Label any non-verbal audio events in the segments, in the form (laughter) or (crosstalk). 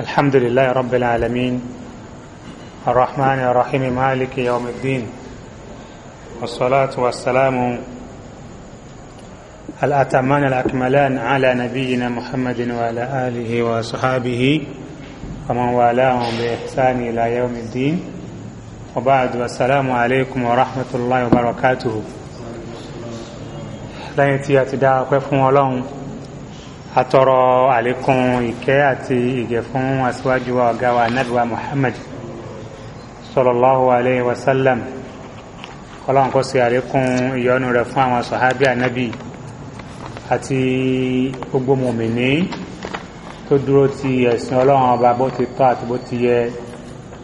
الحمد لله رب العالمين الرحمن الرحيم مالك يوم الدين والصلاة والسلام الأتمان الأكملان على نبينا محمد وعلى آله وصحابه ومن والاهم بإحسان إلى يوم الدين وبعد والسلام عليكم ورحمة الله وبركاته لا يتيأت دعوة فمولهم atọrọ àlékún ìkẹ́ àti ìgẹ̀ fún aṣíwájú wa ọ̀gá wa ànábì wa muhammad sallallahu alayhi wa sallam kọlọ́n kó ṣe àlékún ìyọ́nú rẹ̀ fún àwọn sọ̀hábí ànábì àti gbogbo mòmìnì tó dúró ti ẹ̀sìn ọlọ́run ọba bó ti tọ́ àti bó ti yẹ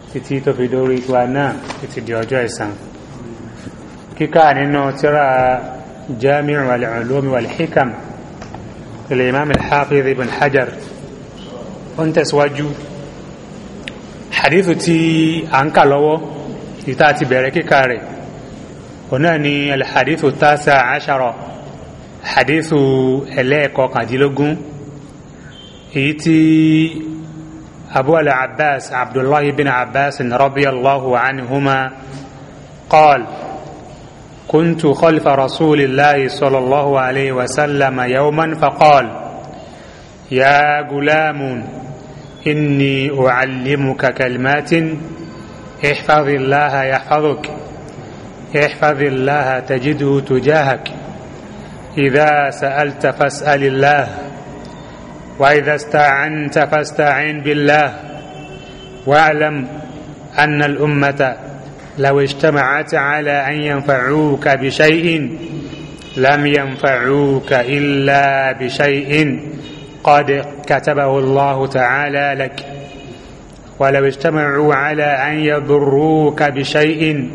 títí tó fi dórí ìgbà náà títí di ọjọ́ ìsàn kíkà nínú tírà jamiu wal ulumi wal hikam الإمام الحافظ ابن حجر ń tẹ̀síwájú hadithu tí a ń kà lọ́wọ́ ìta ti bẹ̀rẹ̀ kíkà rẹ̀ ọ̀nà ni alhadithu tasa ashara hadithu ẹlẹ́ẹ̀kọkàndínlógún èyí tí abu al-abbas abdullahi bin abbas radiyallahu anhuma qala كنت خلف رسول الله صلى الله عليه وسلم يوما فقال يا غلام إني أعلمك كلمات احفظ الله يحفظك احفظ الله تجده تجاهك إذا سألت فاسأل الله وإذا استعنت فاستعن بالله واعلم أن الأمة لو اجتمعت على أن ينفعوك بشيء لم ينفعوك إلا بشيء قد كتبه الله تعالى لك ولو اجتمعوا على أن يضروك بشيء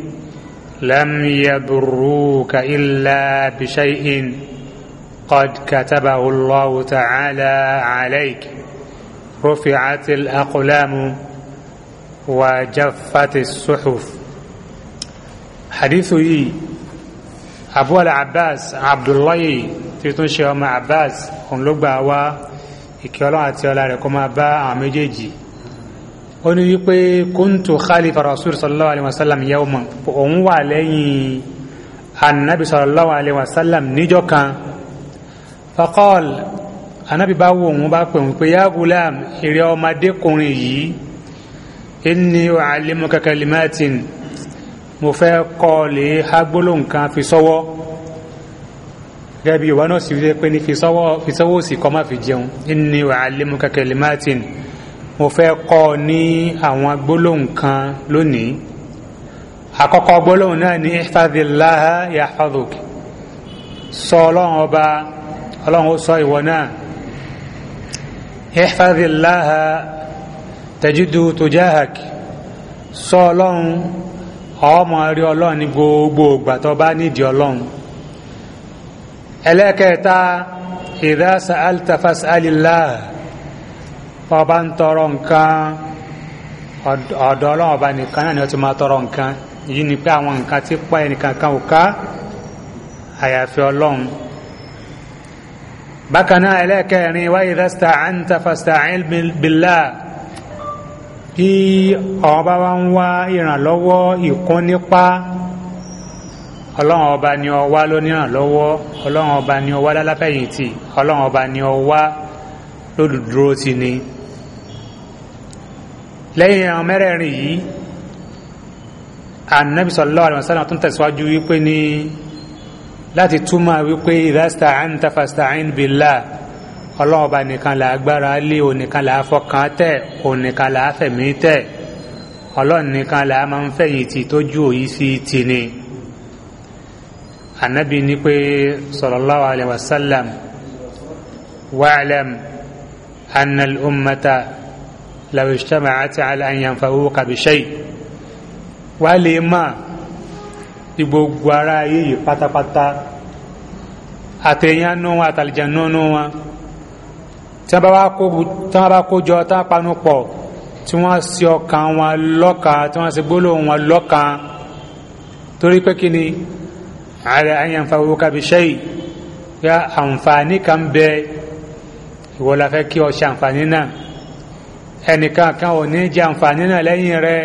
لم يضروك إلا بشيء قد كتبه الله تعالى عليك رفعت الأقلام وجفت الصحف hadithu yìí abu al-abbas abdullahi tí tún ṣe ọmọ abbas òun ló gbà wá ìkẹ́ ọlọ́run àti ọlá rẹ̀ kó máa bá àwọn méjèèjì ó ní wípé kúntù khalifa rasul sallallahu alayhi wa sallam yawma òun wà lẹ́yìn anabi sallallahu alayhi wa sallam níjọ́ kan faqal anabi bá wo òun bá pè òun pé ya gulam èrè ọmọdékùnrin yìí inni u'allimuka kalimatin mo fẹ́ kọ́ lè há gbólóhùn kan fi sọ́wọ́ gẹ́gẹ́ bí yorùbá náà sì fi pé ní fi sọ́wọ́ òsì kọ́ má fi jẹun inni u'allimuka kalimatin mo fẹ́ kọ́ ní àwọn gbólóhùn kan lónìí àkọ́kọ́ gbólóhùn náà ní ihfazillaha yahfazuk sọ ọlọ́run ọba ọlọ́run ó sọ ìwọ náà ihfazillaha tajidu tujahak sọ ọlọ́run ọmọ rí ọlọ́run ní gbogbo ìgbà tó bá nídìí ọlọ́run ẹlẹ́kẹta idha sa'alta fas'alillah ọba ń tọrọ nǹkan ọ̀dọ̀ ọlọ́run ọba nìkan náà ni ó ti máa tọrọ nǹkan yìí ni pé àwọn nǹkan tí pọ́ ẹnìkan ò ká àyàfi ọlọ́run bákan náà ẹlẹ́kẹrin wa idha sta'anta fasta'in bí àwọn bá wá ń wá ìrànlọ́wọ́ ìkún nípa ọlọ́run ọba ni ọ wá lónírànlọ́wọ́ ọlọ́run ọba ni ọ wá láláfẹ̀yìntì ọlọ́run ọba ni ọ wá lódùdúró ti ni lẹ́yìn àwọn mẹ́rẹ̀ẹ̀rin yìí Ànábì sallallahu alaihi wasallam tó ń tẹ̀síwájú wípé ní láti túmọ̀ wípé idha sta'anta fasta'in ọlọ́run ọba nìkan là á gbára lé onìkan là á fọkàn tẹ̀ onìkan là á fẹ̀mí tẹ̀ ọlọ́run nìkan là á máa ń fẹ̀yìntì tójú òyì sí tì ní. ànábì ní pé sallallahu alayhi wa sallam wa'lam anna al-ummata law ijtama'at ala an yanfa'uka bi shay lè máa gbogbo ara ayé yìí pátápátá àtẹ̀yánú àtàlìjánú wọn tí wọ́n bá kó jọ tá a panu pọ̀ tí wọ́n ṣe ọkàn wọn lọ́kàn tí wọ́n ṣe gbólóhùn wọn lọ́kàn torí pé kí ni ala an yanfa'uka bi shay ya àǹfààní kan bẹ ìwọ la fẹ́ kí ọ ṣe àǹfààní náà ẹnìkan kan ò ní jẹ àǹfààní náà lẹ́yìn rẹ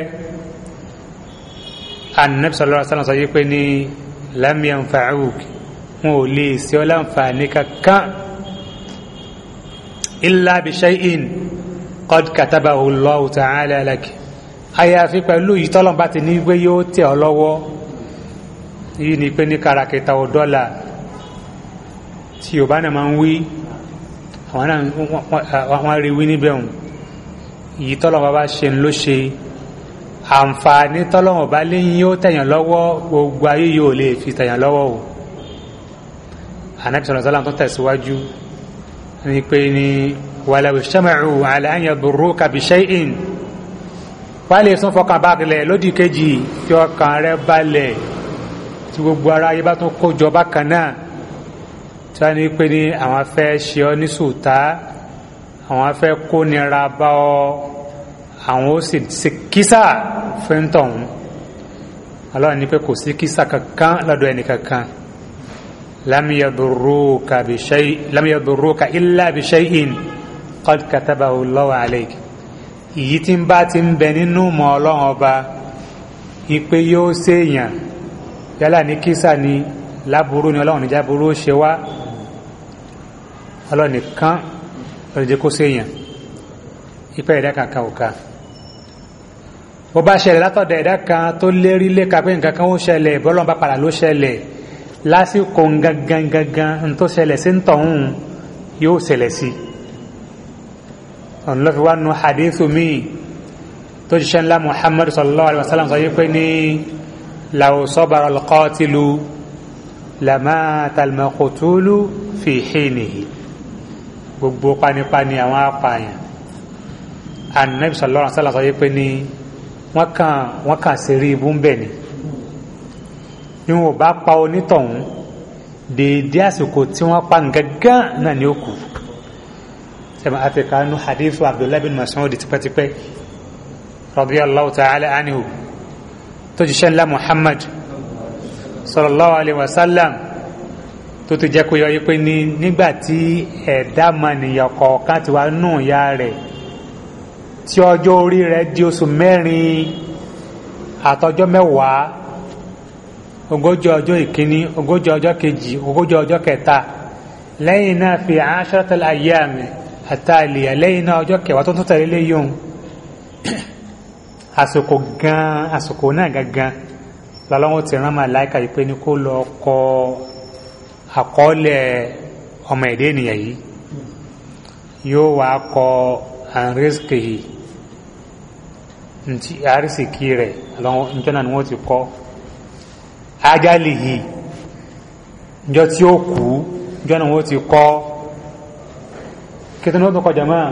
anabi sallallahu alaihi pé ni lam wọn ò lè ṣe ọ láǹfààní kankan illa bi shay'in qad katabahu Allahu ta'ala lak àyàfi pẹ̀lú ìtọ́lọ́n bá ti ní wípé yóò tẹ̀ ọ́ lọ́wọ́ yìí ni pé ní kàràkìtà ò dọ́là tí yorùbá náà máa ń wí àwọn náà wọ́n rí wí níbẹ̀ hùn yìí bá bá ṣe ń ló ṣe àǹfààní tọ́lọ́n bá léyìn yóò tẹ̀yàn lọ́wọ́ gbogbo ayé yóò lè fi tẹ̀yàn lọ́wọ́ o ànábì sallallahu alaihi tó tẹ̀síwájú ní pé ní walaw ijtama'u ala an yadurruka bi shay'in wà lè tún fọkàn balẹ̀ lódì kejì tí ọkàn rẹ balẹ̀ tí gbogbo ara yẹ bá tún kójọ bákan náà tí wọ́n ní pé ní àwọn afẹ́ ṣe ọ ní sùtá àwọn afẹ́ kó nira bá ọ àwọn ó sì ṣe kísà fẹ́ntọ̀hún ọlọ́run ní pé kò sí kísà kankan lọ́dọ̀ ẹnì kankan. لم يضروك بشيء لم يضروك إلا بشيء قد كتبه الله عليك يتم tí ń bá ti ń bẹ nínú mọ Ọlọ́run ọba ipe yóò ṣèèyàn yálà ní kísà ni láburú ni Ọlọ́run níjà burú ó ṣe wá Ọlọ́run nìkan lọ́dọ̀ jẹ́ kó ṣèèyàn ipe ẹ̀dá kankan ò bó bá ṣẹlẹ̀ látọ̀dọ̀ ẹ̀dá kan tó lérí lé ka nǹkan kan ó ṣẹlẹ̀ bọ́lọ́run bá padà ló ṣẹlẹ̀ lásìkò gangan gangan tó ṣẹlẹ̀ sí tọ̀hún yóò ṣẹlẹ̀ sí ọ̀nà lọ́fi wá nu hadithu mi tó ṣiṣẹ́ ńlá muhammadu sallallahu alaihi wasallam sọ yí pé ní law sabara al-qatilu lamata al-maqtulu fi hinihi gbogbo panipani àwọn apààyàn anabi sallallahu alaihi wasallam sọ yí pé ní wọ́n kàn sí rí ibú ń bẹ̀ ni ìwọ̀n bá pa onítọ̀hún dèédé àsìkò tí wọ́n pa gangan náà ní òkú sẹ́mi àtẹ̀ká nu hadithu abdullahi bin mas'ud tipẹ́tipẹ́ radiyallahu ta'ala anhu tó jíṣẹ́ ńlá muhammad sallallahu alaihi wasallam tó ti jẹ́ kó yọ yí pé ní nígbà tí ẹ̀dá mọ̀nìyàn kọ̀ọ̀kan ti wá nù ya rẹ̀ tí ọjọ́ orí rẹ̀ di oṣù mẹ́rin àtọjọ́ mẹ́wàá ogójì ọjọ́ ìkíní ogójì ọjọ́ kejì ogójì ọjọ́ kẹta lẹ́yìn náà fi ashratal ayyam àtàlì lẹ́yìn náà ọjọ́ kẹwàá tó tún tẹ̀lé léyìn (clears throat) àsìkò gan àsìkò náà gangan lọ́lọ́wọ́ ti rán màláìka yìí pé ní kó lọ kọ àkọọ́lẹ̀ ọmọ èdè ènìyàn yìí yóò wá kọ àrísìkì rẹ̀ lọ́wọ́ níjọ́ ni wọ́n ti kọ́ ajali yìí njọ tí ó kú njọ náà wọ́n ti kọ́ kí tó náà tó kọjá máa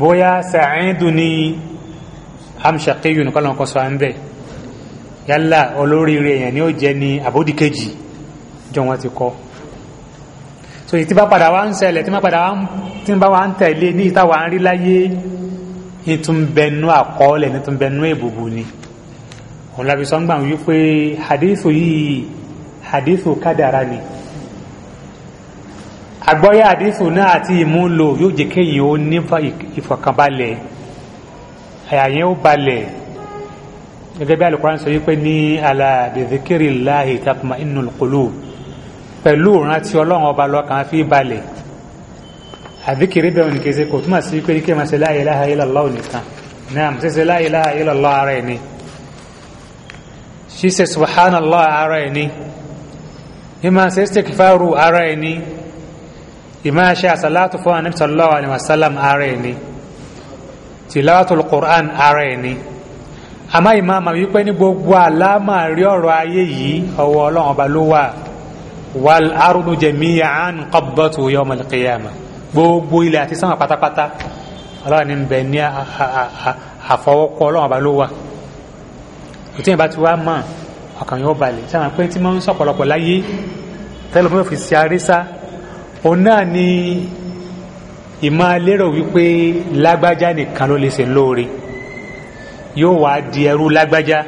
bóyá sàáìdù ní amṣàkéyù ní kọ́lọ̀ kọ́sọ́ à ń bẹ̀ yálà olóríire ni ó jẹ́ ní àbódìkejì jọ wọ́n ti kọ́ so ìtí bá padà wá ń ṣẹlẹ̀ tí bá padà wá ń tí bá wá ń tẹ̀lé ní ìta ń rí láyé ní àkọọ́lẹ̀ ní èbùbù ni. Tumbe, òun lábí sọ́ngbà wípé hadithu yìí hadithu kádàrá ni àgbọ́yé hadithu náà àti ìmúlò yóò jẹ́ kéyìn ó ní ìfọ̀kànbalẹ̀ àyàyẹ́ ó balẹ̀ gẹ́gẹ́ bí alùkọ́rán sọ wípé ní ala bi dhikrillahi tatma'innul qulub pẹ̀lú ìrántí ọlọ́run ọba lọ́kàn fi balẹ̀ àdíkiri bẹ̀rù ní kése kò túmọ̀ sí pé kí ẹ máa ṣe la ilaha illallah nìkan náà ṣe ṣe la ilaha illallah ara ẹni ṣíṣe subhanallah ara ẹni ìmá ṣe istikfaru ara ẹni ìmá ṣe àsàlátù fún anabi sallallahu alaihi wasallam ara ẹni tilawatul qur'an ara ẹni àmọ́ ìmá ma wípé ní gbogbo àlámà rí ọ̀rọ̀ ayé yìí ọwọ́ ọlọ́run ọba ló wà wal ardu jami'an qabdatu yawmal qiyamah gbogbo ilẹ̀ àti sánmà pátápátá ọlọ́run ní bẹ̀ ní àfọwọ́kọ ọlọ́run ọba ló wà kò tí yẹn bá ti wá mọ̀ ọkàn yóò balẹ̀ sábà pé tí wọ́n ń sọ̀pọ̀lọpọ̀ láyé tẹ́lẹ̀ fún òfin sí arísá òun náà ni ìmọ̀ lérò wípé lágbájá nìkan ló lè ṣe lóore yóò wá di ẹrú lágbájá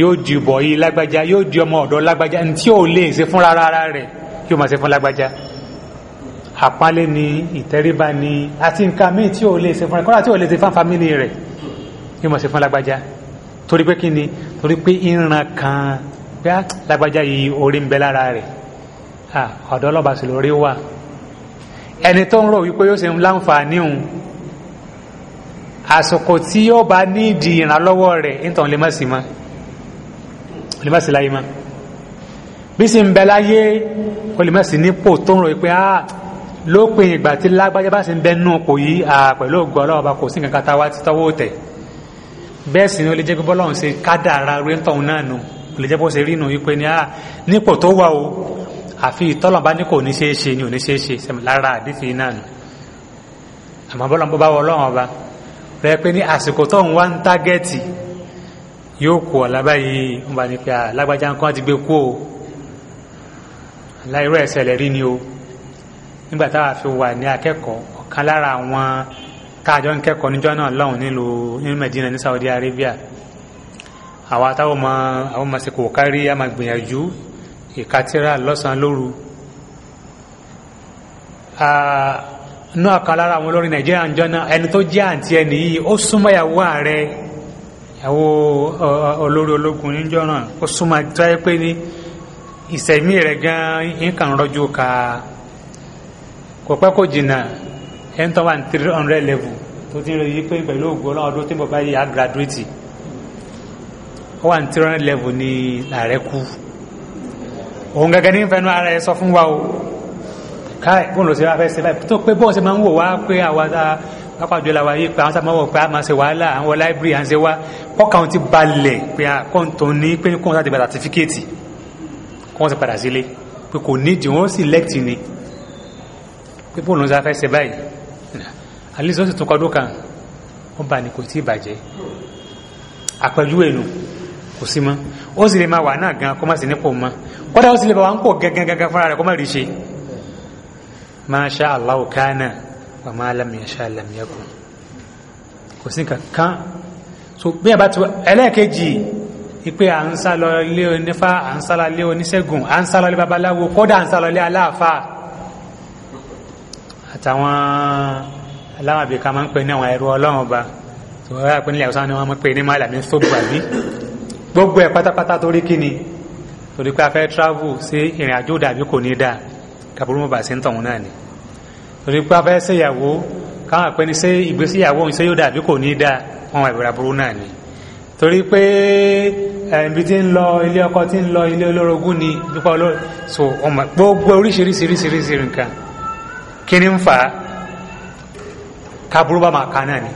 yóò di bọ̀yì lágbájá yóò di ọmọ ọ̀dọ́ lágbájá ní tí ò lè ṣe fún rárá rẹ̀ yóò máa ṣe fún lágbájá àpálẹ́ ni ìtẹríba ni àti nǹkan míì tí ò lè ṣe fún rẹ̀ tí ò lè ṣe fún fámìlì rẹ̀ yóò máa ṣe fún lágbájá torí pé kí ni torí pé ìran kan pé á lágbájá yìí orí ń bẹ lára rẹ̀ ọ̀dọ́ ọlọ́ba sì lórí wà ẹni tó ń rò wípé yóò ṣe ń láǹfààní òun àsìkò tí yóò bá ní ìdí ìrànlọ́wọ́ rẹ̀ nítorí lè má sí mọ́ lè má sí láyé mọ́ bí sì ń bẹ láyé o lè má sí nípò tó ń rò wípé á lópin ìgbà tí lágbájá bá sì ń bẹ nú ọkọ̀ yìí pẹ̀lú ògùn ọlọ́ọ̀ba kò sí nǹkan kan táwa ti tọ́wọ́ tẹ̀ bẹ́ẹ̀ sì ni ó lè jẹ́ pé bọ́lá òun ṣe kádàrá rẹ́ńtọ̀hún náà nù ó lè jẹ́ bó ṣe rí nù wípé ní à ah, nípò tó wà o àfi ìtọ́lọ̀bá ní kò ní ṣeé ṣe ni ò ní ṣeé ṣe sẹ́mi lára àdífi náà nù àmọ́ bọ́lá bó bá wọ ọlọ́run ọba rẹ pé ní àsìkò tóun wá ń tágẹ́ẹ̀tì yóò kó ọ̀la báyìí ń bá ní pé alágbájá ah, nǹkan ti gbé kú o aláìrọ̀ ẹ̀sẹ̀ lẹ̀ rí ni o nígbà táwa fi wà ní akẹ́kọ̀ọ́ ọ̀kan lára àwọn táàjọ ń kẹ́kọ̀ọ́ níjọ́ náà lọ́hùn nílùú nínú Medina ní Saudi Arabia àwọn àtàwọn ọmọ àwọn ọmọ sèkò kárí a máa gbìyànjú ìkatira lọ́sàn-án lóru inú ọ̀kan lára àwọn olórin Nàìjíríà ń jọ́nà ẹni tó jẹ́ àǹtí ẹni yìí ó súnmọ́ ìyàwó ààrẹ ìyàwó olórí ológun níjọ́ náà ó súnmọ́ tó yẹ pé ní ìsẹ̀mí rẹ̀ gan-an ń kàn rọ́jú ka kò pẹ́ kò jìnnà ẹni tó wà ní three hundred level tó ti ń retí pé pẹ̀lú ògùn ọlọ́run ọdún tí mo bá yà gírádúrétì ó wà ní three hundred level ní ààrẹ kú òun gẹ́gẹ́ ní fẹnu ara ẹ sọ fún wa o káì bóun ló ṣe wá fẹ́ ṣe báyìí tó pé bóun ṣe máa ń wò wá pé àwa pápájọ la yí pé àwọn sábà wọ̀ pé a máa ṣe wàhálà àwọn láìbírì à ń ṣe wá kọ́kàn ti balẹ̀ pé àkọ́ǹtò ní pé kóun láti gba sàtífíkẹ́ẹ̀tì kóun ti padà sílé pé kò nídìí wọ́n sì lẹ́tì ni pé bóun ló ṣe wá fẹ́ ṣe báyìí àlejò sì tún kọdún kan wọ́n bá ní kò tí ì bàjẹ́ àpẹjú èlò kò sí mọ́ ó sì lè máa wà náà gan kọ́mọ̀ sí nípò mọ́ kọ́dá ó sì lè bá wà ń pò gangan fúnra rẹ̀ kọ́mọ̀ rí ṣe ma sha Allahu kana wa ma lam yasha lam yakun kò sí so bí a ipe à ń sá lọ ilé onífá à ń sá àtàwọn aláwọn àbíká máa ń pè ní àwọn ẹrú ọlọ́run ọba tó wọ́n yà ọ̀sán ni wọ́n máa ń pè ní màlàmí sóbù àbí gbogbo ẹ̀ pátápátá torí kí ni torí pé a fẹ́ travel sí ìrìn àjò dàbí kò ní dáa kàbúrú mọ̀ bá sí ń tọ̀hún náà ni torí pé a fẹ́ ṣèyàwó káwọn àpẹni ṣe ìgbésíyàwó òun ṣe yóò dàbí kò ní dáa wọn wà ìbúra burú náà ni torí pé ẹ̀mí tí ń lọ ilé ọkọ tí ń lọ ilé olórogún ni nípa olórogún so ọmọ gbogbo oríṣiríṣiríṣiríṣi nǹkan kí ni ń fà á kaburú bá máa ka náà ni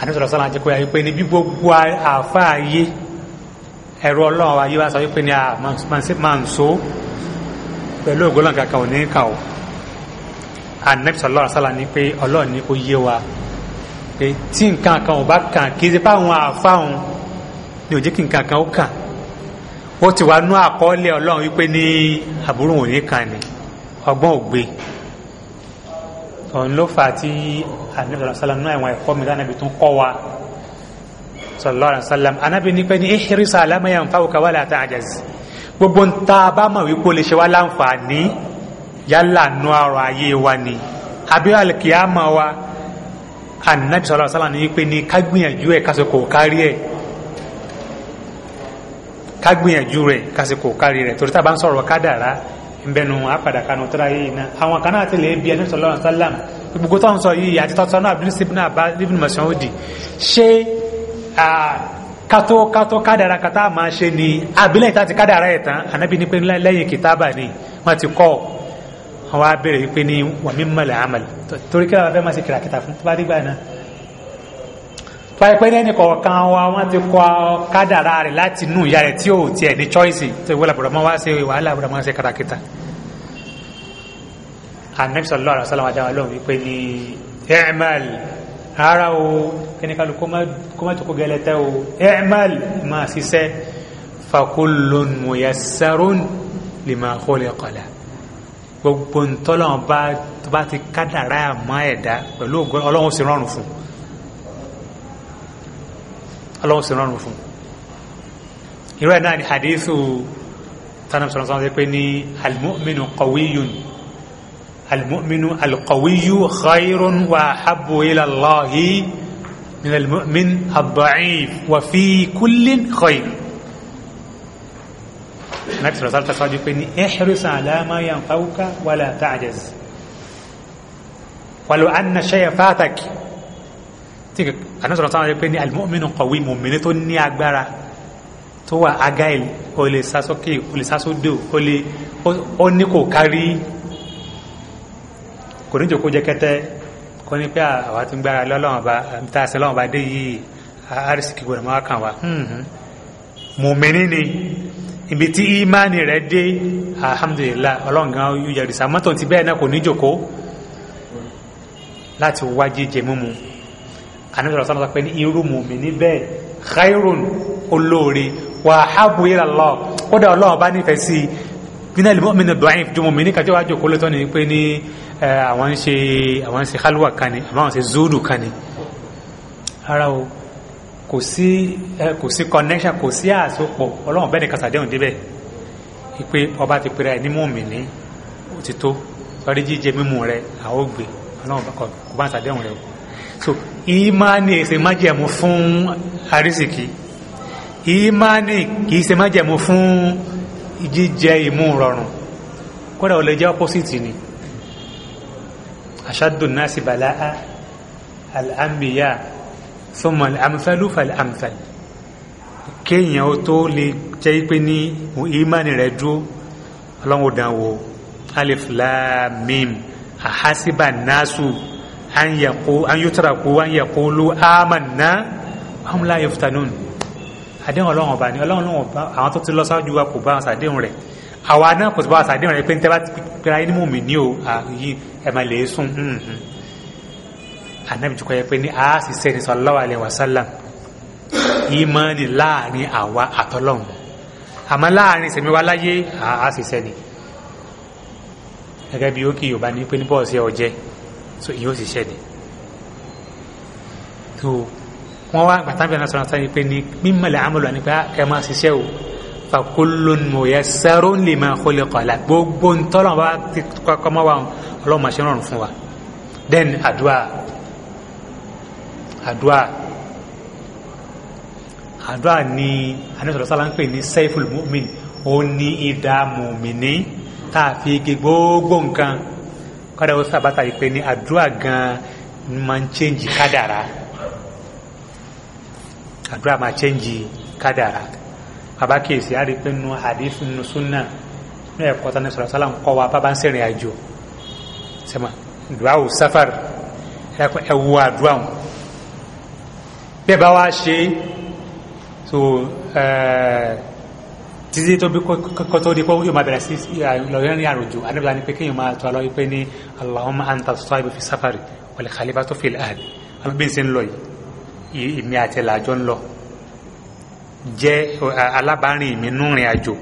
àdúsọ̀rọ̀ sọ́la jẹ́ pé àyípe ni bí gbogbo àfa ayé ẹ̀rọ ọlọ́run ayé wa sọ wípé ni máa ń so pẹ̀lú ògbólọ́n kankan ò ní kà ó ni pé ọlọ́run ni kò yé wa pé ni ò jẹ́ kí nǹkan kan ó kàn ó ti wá nú àkọọ́lẹ̀ ọgbọ́n ò òun ló fà á tí anabi sọlá sálám náà àwọn ẹ̀kọ́ mi lánàbí tún kọ́ wa sọlá sálám anabi ní pé ní ihris ala ma yanfa'uka wala ta'jaz gbogbo ń ta bá mọ̀ wípé o lè ṣe wá láǹfààní yálà nu ọrọ̀ ayé wa ni àbí alìkìyàmọ̀ wa anabi sọlá sálám ní wípé ní ká ẹ̀ ká kárí ẹ̀ ká rẹ̀ ká kárí rẹ̀ torí tá a bá ń sọ̀rọ̀ kádàrá ìbẹ̀nù apàdàkanu tọ́ra yìí náà àwọn kan náà ti lè bí ẹni sọ̀rọ̀ sálàm gbogbo tó ń sọ yìí àti tọ́tọ́ náà abdul sib náà bá ibn Mas'ud ṣé kátó kátó kádàrà kátá máa ṣe ni abilẹ̀ ìta ti kádàrà ẹ̀ tán anábì ní pé lẹ́yìn kìtàbà ni wọ́n ti kọ́ àwọn abẹ́rẹ́ pé ní wàmí mọ̀lẹ̀ àmàlẹ̀ torí kí pẹ́pẹ́ lẹ́ni kọ̀ọ̀kan wa wọ́n ti kọ́ kádàrá rẹ̀ láti inú ìyá rẹ̀ tí ò tiẹ̀ ní choice tó wọ́n làbùrọ̀ mọ́ wá sí wàhálà àbúrò mọ́ sí kàràkìtà anabi sallallahu alaihi wasallam adáwà lóhùn wípé ní ẹ̀ẹ́mẹ́l ara o kíní kó má tókó gẹlẹtẹ o ẹ̀ẹ́mẹ́l máa ṣiṣẹ́ fakullun muyassarun lima khuliqa la gbogbo ntọ́lọ́wọ́n ọlọ́run sì rọrùn fún irú ẹ̀ náà ni hadithu tánàmù sọ̀rọ̀ sọ́rọ̀ pé ní almu'minu qawiyun almu'minu alqawiyu khayrun wa habbu ila Allahi min almu'min ad-da'if wa fi kullin khayr nabi sọ̀rọ̀ sọ́rọ̀ tẹ̀síwájú pé ní ihris ala ma yanfa'uka wala ta'jaz walau anna shay'a fatak tí ànásọ̀rọ̀ sáwọn ẹgbẹ́ ní alimọ́mínú kọ̀wé mọ̀mìnì tó ní agbára tó wà agail o lè sásókè o lè sásódò o lè ó ní kò kárí kò ní jòkó jẹ kẹtẹ kò ní pé àwa ti ń gbára lọ́lọ́wọ́n bá tá a sin lọ́wọ́n bá dé yìí àrísìkì gbọdọ̀ máa kàn wá mọ̀mìnì ni ibi tí ìmánì rẹ̀ dé alhamdulillah ọlọ́ngàn yóò yàrá ìsàmọ́tò ti bẹ́ẹ̀ náà kò ní jòkó láti wá jíjẹ mímu anábìrì ọ̀sán lọ́sọ pé ní irú mùmíní bẹ́ẹ̀ khairun olóore wà áhàbù ila Allah kódà ọlọ́run bá nífẹ̀ẹ́ sí nínú ìlú mọ́mìnà dọ́yìn ju mùmíní kàjọ́ wájú kó lótọ́ ni pé ní àwọn ń ṣe àwọn ṣe halwa kani ni àwọn ń ṣe zúdù kan ara o kò sí kò sí connection kò sí àsopọ̀ ọlọ́run bẹ́ẹ̀ ni kàṣàdéhùn débẹ̀ pé ọba ti pèrè ní mùmíní òtítọ́ sọrí jíjẹ mímu rẹ àwọn ògbé ọlọ́run kò bá ń ṣàdéhùn rẹ o so ìmánì ṣe májẹ̀mú fún àrísìkí ìmánì kìí ṣe májẹ̀mú fún jíjẹ ìmú rọrùn kódà ò lè jẹ́ opposite ni ashaddu nasi bala'a al-anbiya thumma al-amthalu fal-amthal kéèyàn ó tó lè jẹ́ pé ní ìmánì rẹ̀ dúró ọlọ́run alif lam ahasiba nasu an yaqu an yutraku an yaqulu amanna hum la yuftanun àdéhùn ọlọ́run ọba ni ọlọ́run ọlọ́run ọba àwọn tó ti lọ sáájú wa kò bá wọn sàdéhùn rẹ̀ àwa náà kò sì bá wọn sàdéhùn rẹ̀ pé ní tẹ́ bá ti pera yín mú mi ní o àyí ẹ̀ máa lè sùn mm-hmm. ànábì tí kò yẹ pé ní a sì sẹ́ni sallallahu alaihi wasallam ìmánì láàrin àwa àtọ́lọ́run àmọ́ láàrin sẹ̀mí wa láyé a sì sẹ́ni gẹ́gẹ́ bí ó kì yóò bá ní pé ní bọ́ọ̀sì ọ̀jẹ́ so yóò sì ṣẹlẹ̀ so wọ́n wá gbàtàbí ẹ̀nà sọ̀rọ̀ sáyé pé ní mímọ̀lẹ̀ àmọ́lò nípa ah, ẹ lima khuliqa la gbogbo ntọ́lọ́n bá ti kọ́kọ́ mọ́ wa ọlọ́run máa then àdúrà àdúrà àdúrà ni anisọ̀rọ̀ sálá ń pè ní saiful mu'min ó ní ìdá kọ́dà ó sábàtà yìí pé ní àdúrà gan máa ń chẹ́ǹjì kádàrà àdúrà máa chẹ́ǹjì kádàrà bàbá kìsì á rí pé nu hadith nu súnà ní ẹ̀kọ́ tán ní sọ̀rọ̀ sálà ń kọ́ wa bábá ń sẹ̀rìn àjò sẹ́mà dùá ò sáfàr ẹ wo àdúrà wọn bẹ́ẹ̀ bá wá ṣe so ẹ̀ẹ́. Uh, títí tó bí kọ́ tó di pé yóò máa bẹ̀rẹ̀ sí lọ́yọ́ ní àròjù anábìlá ni pé kéèyàn máa tọ́ alọ́ wípé ní Allahumma anta as-sahibu fi safari wal khalifatu fil ahli alábíyèsí ń lọ yìí ìmí àti làjọ ń lọ jẹ́ alábàárìn mi núrin àjò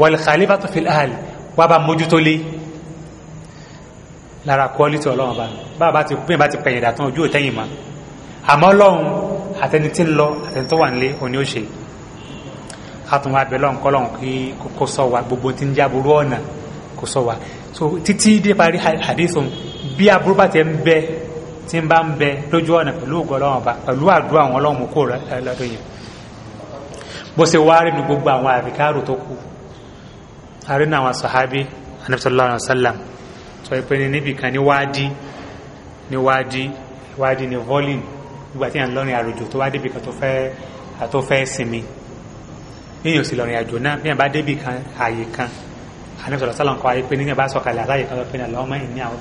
wal khalifatu fil ahli wà bá mójútó lé lára kọ́lítì ọlọ́run bá bá bá ti pín bá ti pẹ̀yìn dàtún ojú òtẹ́yìn mọ́ àtún wa bẹ̀lọ́ nkọ́lọ́ kí kò sọ wa gbogbo tí ń jẹ́ aburú ọ̀nà kò sọ wa so títí dé parí hadithun bí aburú bá ti ń bẹ tí ń bá ń bẹ lójú ọ̀nà pẹ̀lú ògùn ọlọ́run ọba pẹ̀lú àdúrà àwọn ọlọ́run kò lọ́dọ̀ yẹn bó ṣe wá rí nu gbogbo àwọn àbíkárò tó kù àrínà àwọn sàhábí Ànábì sallallahu alaihi yíyan sì lọ́rìn àjò náà bí wọn bá débì kan ààyè kan àníbi sọ̀rọ̀ sálọ̀ nǹkan ayé pé nígbà bá sọ̀kalẹ̀ àtàyè kan lọ́pẹ́ náà lọ́mọ ìní àwọn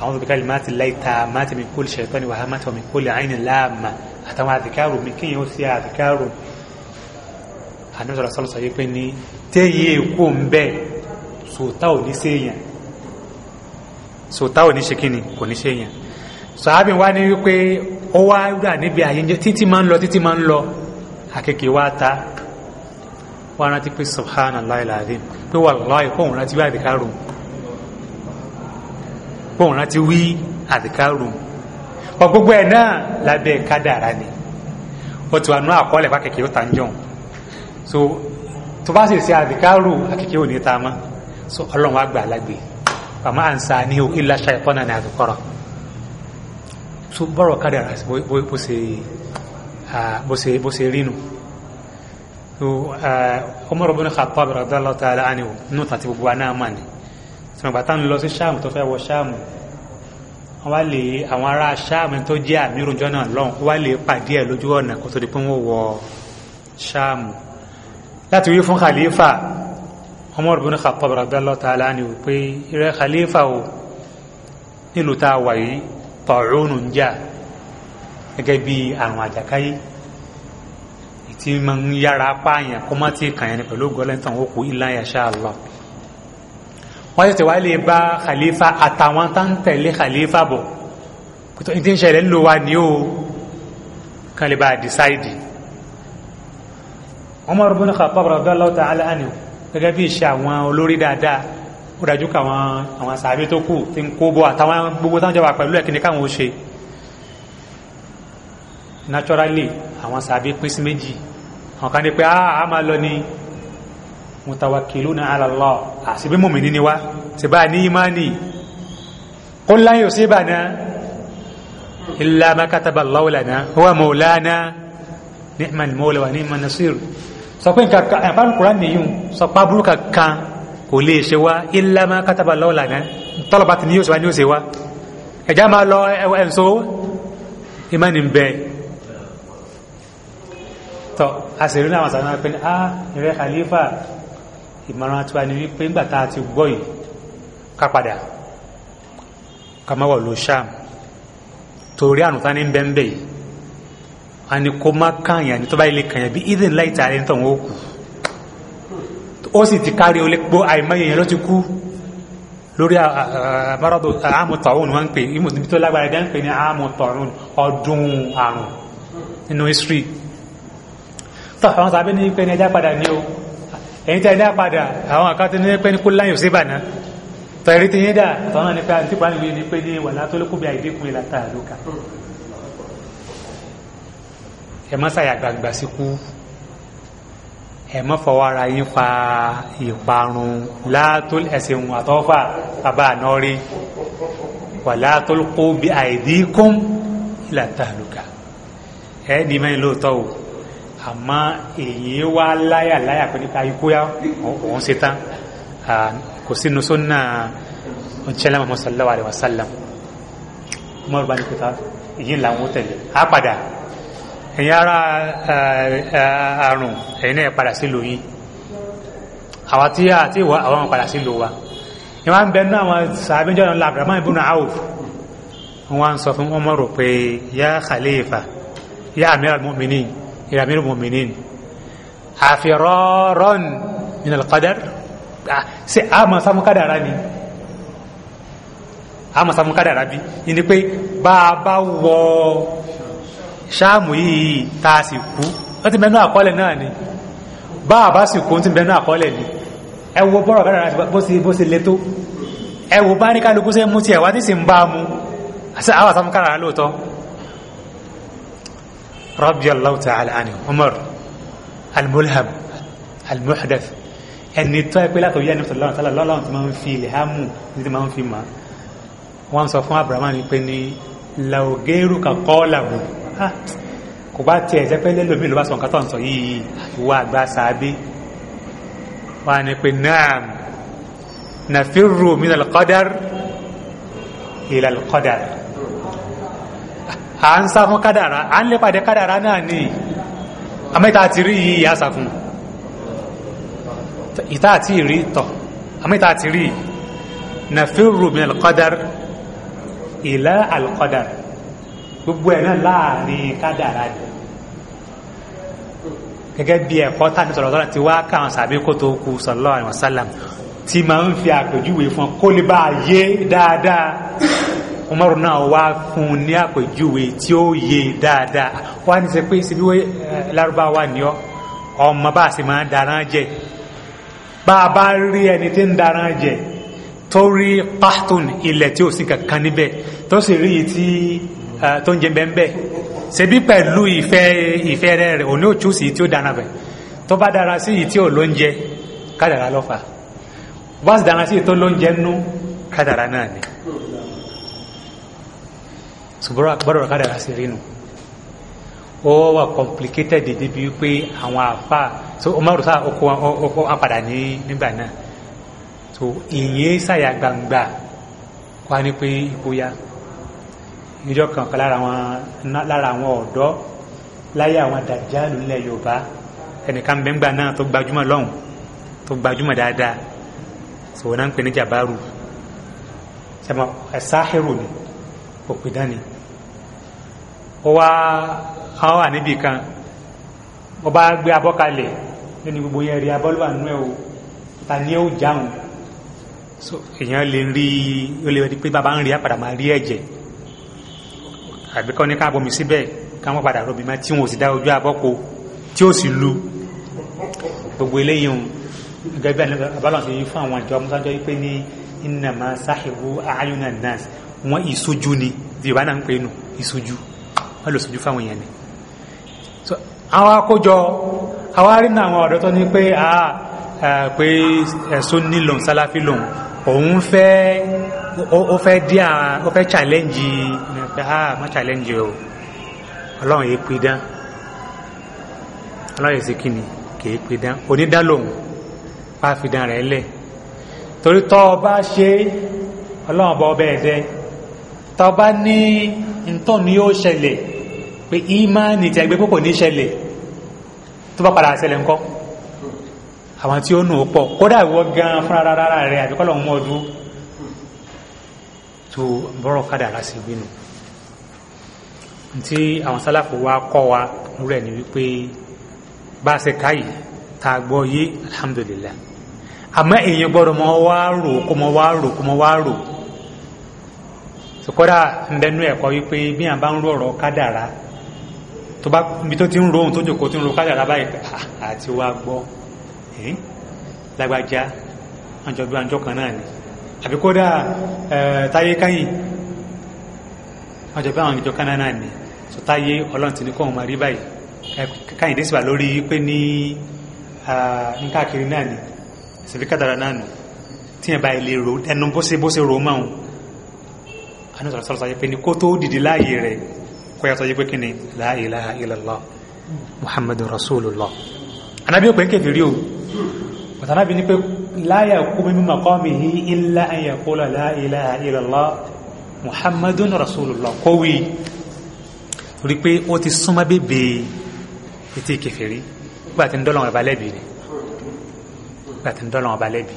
àwọn òbí kálí máa ti láìta máa ti mi kó lè ṣẹ̀tọ́ ni wàhálà máa ti mi kó lè àyìn láàmà àtàwọn àdìkárò mi kéèyàn ó sì àdìkárò àníbi sọ̀rọ̀ sálọ̀ sọ yé pé ní téèyàn èkó ń bẹ́ sòtá ò ní séèyàn sòtá ò ní ṣe kíni sàábì wá ní wípé ó wá rà níbi àyè títí máa ń lọ títí máa ń lọ àkèké wá ta wọ́n rántí pé subhanallah alazim pé wallahi kóhùn rántí wí àdìkárùn kóhùn rántí wí àdìkárùn wọ́n gbogbo ẹ̀ náà lábẹ́ kádàrá ni ó ti wà nú àkọọ́lẹ̀ bá kẹ̀kẹ́ ó ta so tó bá sì ṣe àdìkárù akẹ́kẹ́ ò ní ta so ọlọ́run wá gbà lágbè àmọ́ à ń sa ní o ilá ṣàìpọ́ náà ní àdìkọ́rọ̀ so bọ́rọ̀ kádàrá bó ṣe rínu. Uh, Umar ibn Khattab radiyallahu ta'ala anhu nù tàti gbogbo aná mà ní sọ̀rọ̀gbà tá ń lọ sí sáàmù tó fẹ́ wọ sáàmù wá lè àwọn ará sáàmù tó jẹ́ àmírùnjọ́ náà lọ́n wá lè pàdé ẹ̀ lójú ọ̀nà kó tó di pé wọ́n wọ sáàmù láti wí fún khalifa Umar ibn Khattab radiyallahu ta'ala anhu pé ìrẹ́ khalifa o nílùú tá a wà yìí tọ̀ọ̀rún tí ma ń yára pààyàn kó má ti kàn yẹn ni pẹ̀lú gọ́lẹ́ntàn ó kú ìlà yàṣà lọ wọ́n tètè wá lè bá khalifa àtàwọn tá ń tẹ̀lé khalifa bọ̀ kòtò ní tí ń ṣẹlẹ̀ ńlò wa ni ó kan lè bá decide Umar ibn Khattab radiyallahu ta'ala anhu gẹ́gẹ́ bí iṣẹ́ àwọn olórí dáadáa ó dájú káwọn àwọn sàbí tó kù ti ń kó bọ́ àtàwọn gbogbo táwọn jẹ́ pẹ̀lú ẹ̀kíní káwọn ó ṣe naturally àwọn sàbí pín sí méjì àwọn kan ní pé ah, a máa lọ ní mutawakiluna ala Allah àṣìbí mùmìnì ni wá ti bá ní imani qul lan yusibana illa ma kataba Allahu lana huwa maulana ni'mal mawla wa ni'man nasir sọ pé nǹkan àbálù kúrán nìyún sọ pé abúrú kankan kò lè ṣe illa ma kataba Allahu lana tọ́lọ̀bá ti ní yóò ṣe wá ní yóò ṣe tọ́ a sì rí àwọn àtàwọn pé ah ìrẹ́ khalifa ìmọ̀ràn tiwa ni wípé ńgbà tá a ti gbọ́ yìí ká padà ká má wọ̀ lọ Ṣáàmù torí ànùtá ní bẹ́ńbẹ́ yìí a ní kó má kàyàn ní tó bá ilé kàyàn bí ìdè ńlá ìta rẹ̀ nítorí wọn ó kù ó sì ti kárí olè gbó àìmọye yẹn ló ti kú lórí àmọ́rọ́dọ̀ àmùtọ̀rún wọn ń pè níbi tó lágbára gán ń pè ní àmùtọ̀rún ọdún àrùn nínú history tọ́ àwọn sàbẹ́ ní pé ní ẹja padà ní o ẹ̀yin tí ẹja padà àwọn àkàtà ní pé ní kó láyò sí bàná tọ̀rí ti yín dà tọ́nà ní pé àti pàánù yìí ní pé ní wà látólókùnbí àìdíkùnrin látà àlókà ẹ má ṣàyà gbàgbà sí kú ẹ má fọwọ́ ara yín pa ìparun látó ẹ̀sìn àtọ́fà bàbá ànọ́rí wà látólókùnbí àìdíkùn látà àlókà ẹ mẹ́rin lóòótọ́ o àmọ́ èyí wá láyà láyà pé nípa ikúyà òun ṣe tán kò sínú sọ́nà ọ̀nṣẹ́lẹ̀ mọ́ sallallahu alaihi wasallam mọ́ ọ̀rọ̀ bá ní pẹ́ta èyí làwọn ó tẹ̀lé á padà ẹ̀yin ara àrùn ẹ̀yin náà padà sí lòyìn àwọn tí a ti wọ àwọn padà sí lò wa ìwọ́n ń bẹ náà wọn sàbíjọ́ náà làbàmọ́ ìbùnà áwò wọn sọ fún ọmọ rò pé yá khalifa yá amir al ìrà mẹ́rin mọ̀mìnín àfihàn minal qadar ṣe a ma samu kádàrá ni a ma samu kádàrá bí i ni pé bá a bá wọ ṣáàmù yìí tá a sì kú ó ti mẹ́nu àkọọ́lẹ̀ náà ni bá a bá sì kú ó ti mẹ́nu àkọọ́lẹ̀ ni ẹ wo bọ́rọ̀ kádàrá bó ṣe le tó ẹ wo bá ní kálukú ṣe mú tiẹ̀ wá tí sì ń bá a mú àwa samu kádàrá lóòótọ́ radiyallahu الله تعالى Umar al-mulham al-muhdath ẹni tó ẹ pé látọ̀bí ẹni tọ̀lọ́run tọ́lá lọ́lọ́run tó máa ń fi ilẹ̀ hámù ní ti máa ń fi mà wọ́n sọ fún abrahamu ni pé ní laogeru kan kọ́ làbò kò bá tiẹ̀ jẹ́ pé lẹ́lòmíì ló bá sọ nǹkan tó ń sọ yìí ìwà àgbà sàábé wọ́n á ní pé naam nafirru min al-qadar à ń sá fún kádàrá à ń lépàdé kádàrá náà ní amẹ́ta ti rí yìí ìyá sá fún ìta àti ìrí tọ̀ amẹ́ta ti rí nafiru min alqadar ila alqadar gbogbo ẹ̀ náà láàrin kádàrá ni gẹ́gẹ́ bí ẹ̀kọ́ tàbí sọ̀rọ̀sọ̀rọ̀ ti wá káwọn sàbí kó tó kú sallallahu alaihi wasallam tí máa ń fi àpèjúwe fún kó lè bá yé dáadáa umaru náà wá fún un ní àpèjúwe tí ó yé dáadáa wá ní sẹ pé síbí lárúbáwá ni ọ ọmọ bá a sì máa darán jẹ bá a bá rí ẹni tí ń darán jẹ tó rí pàtón ilẹ̀ tí ò sí kankan níbẹ̀ tó sì rí tí tó ń jẹ bẹ́ẹ̀ ṣebí pẹ̀lú ìfẹ́ ìfẹ́ rẹ̀ òní òtún sí tí ó dáná bẹ̀ tó bá dára sí ìtí ò lóúnjẹ kádàrá lọ́fà wá sì dára sí ìtó lóúnjẹ nú kádàrá náà ni ṣùgbọ́n gbọ́dọ̀ kádàrá sí rínu ó wà complicated débi wípé àwọn àfa so Umaru sá oko apàdà ní nígbà náà so ìyẹn ṣàyà gbangba wá ní pé ikú yá níjọ́ kankan lára àwọn ọ̀dọ́ láyé àwọn dàjálù nílẹ̀ Yorùbá ẹnìkan bẹ́ngbà náà tó gbajúmọ̀ lọ́hùn tó gbajúmọ̀ dáadáa sọ̀rọ̀ náà ń pè ní Jabaru ṣàmọ̀ ẹ̀sáhẹ́rù ni òpìdánì ó wá àwọn wà níbì kan ó bá gbé abọ́ kalẹ̀ lẹ́nu gbogbo yẹn rí abọ́ ló ẹ̀ o ta ni ó jáhùn so èèyàn lè rí ó lè rí pé bàbá ń rí apàdà máa rí ẹ̀jẹ̀ àbí kọ́ ní ká bomi síbẹ̀ ká wọ́n padà rọ̀bì máa tí wọn ò sì dá ojú abọ́ tí ó sì lu gbogbo eléyìí hùn gẹ́gẹ́ bí abálọ̀ ṣe fún àwọn ìjọ amúsájọ́ pé ní innama sahibu ayunan nas wọ́n ìsojú ni yorùbá náà ń pè nù ìsojú. wọ́n lò sójú fáwọn èèyàn ni àwọn akójọ àwọn arínà àwọn ọ̀dọ́ tó ní a pé ẹ̀sùn nílòun sálàfí lòun òun fẹ́ ó fẹ́ dí à ó fẹ́ challenge a má challenge o ọlọ́run yìí pidán ọlọ́run yìí sí kìnnì kìí pidán onídán lòun bá fìdán rẹ̀ lẹ̀ torí tọ́ ọ bá ṣe ọlọ́run bọ́ ọbẹ̀ ẹ̀dẹ́ tọ́ ọ bá ní ntọ́ ni yóò pé ìmáàni ti ẹgbẹ́ púpọ̀ ní ṣẹlẹ̀ tó bá padà ṣẹlẹ̀ ńkọ́ àwọn tí ó nù pọ̀ kódà ìwọ gan fúnra rárá rẹ àbíkọ́ lọ́wọ́ mọ́ ọdún tó bọ́rọ̀ kádà láti gbénu tí àwọn sálàfù wa kọ́ wa rẹ̀ ni wípé bá ṣe káyìí tá gbọ́ yé alhamdulillah àmọ́ èèyàn gbọ́dọ̀ mọ́ wá rò kó mọ́ wá rò kó mọ́ wá rò sọkọ́dà ń bẹnu ẹ̀kọ́ wípé bí àwọn bá ń rò ọ̀rọ̀ kádàrá tó bá bí tó ti ń rohun tó jòkó tí ń ro kádàrá báyìí àti ah, wá gbọ́ lágbájá àjọ bí àjọ kan náà ni àbí kódà táyé káyìn àjọ bí àwọn àjọ kan náà ni tó táyé ọlọ́run ti ní kóhun máa rí báyìí káyìn dẹ́sìbà lórí pé ní nkáàkiri náà ni ìsìnbí kádàrá náà nù tí yẹn báyìí lè ro ẹnu bó ṣe bó ṣe ro máa ń àná sọ̀rọ̀ sọ̀rọ̀ sọ̀rọ̀ pé ní kó tó dìde láàyè rẹ̀ kọ́ yàtọ̀ yìí pé kí ni la ilaha illallah muhammadu rasulullah anábí ó pé kèfèrí o but anábí ní pé la yaqumu min maqamihi illa an yaqula la ilaha illallah muhammadu rasulullah kó wí rí pé ó ti súnmọ́ bèbè ètè kèfèrí gbàtí ń dọ́lọ̀ ọba lẹ́bi ni gbàtí ń dọ́lọ̀ ọba lẹ́bi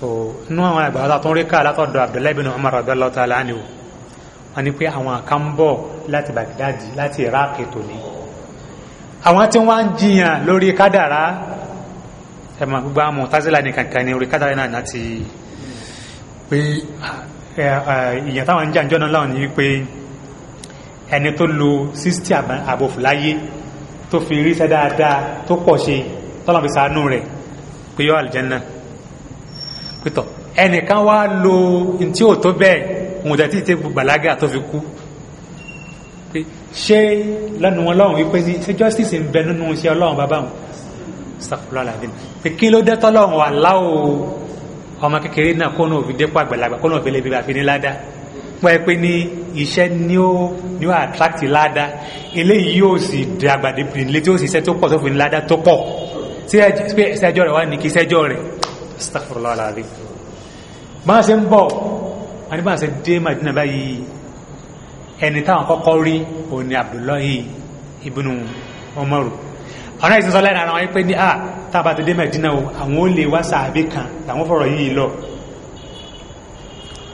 so inú àwọn àgbàlagbà tó ń rí ká látọ̀dọ̀ abdullahi bin umar radiyallahu ta'ala anhu wọ́n ní pé àwọn kan ń bọ̀ láti bagdadi láti iraq tòní àwọn tí wọ́n ń jiyàn lórí kádàrá ẹ̀ mọ̀ gbogbo àwọn mọ̀tázílà ní kankan ní orí kádàrá náà láti pé ìyẹn táwọn ń jàǹjọ́ náà láwọn ní wípé ẹni tó lo sixty àbòfúláyé tó fi ríṣẹ́ dáadáa tó pọ̀ ṣe tọ́lọ́mùsánú rẹ̀ pé yọ àlùjánnà náà pẹ̀tọ̀ ẹnìkan wá lo tí ò tó bẹ́ẹ̀ òun dẹ̀ tí ìtẹ́ gbàlágà tó fi kú pé ṣé lẹ́nu ọlọ́run wípé ṣé justice ń bẹ nínú iṣẹ́ ọlọ́run bàbá wọn sàkúlọ́ àlàdé pé kí ló dé tọ́lọ́run wà láò ọmọ kékeré náà kó náà fi dépò àgbàlagbà kó náà fi lè bíbá fi ní ládàá wọ́n yẹ pé ní iṣẹ́ ní ó ní ó attract ládá eléyìí yóò sì dàgbàdé pìrìnlẹ̀ ó sì iṣẹ́ tó pọ̀ tó fi ládá tó pọ̀ sí ẹjọ́ rẹ̀ wá ní kí iṣẹ́jọ́ rẹ̀ astaghfirullah alazim máa ṣe ń bọ̀ wọ́n ní máa ṣe dé Madina báyìí ẹni táwọn kọ́kọ́ rí òní Abdullahi ibnu Umaru àwọn ẹ̀sìn sọ lẹ́nu ara wọn pé ní à tábà ti dé Madina o àwọn ó lè wá sàábé kan làwọn fọ̀rọ̀ yìí lọ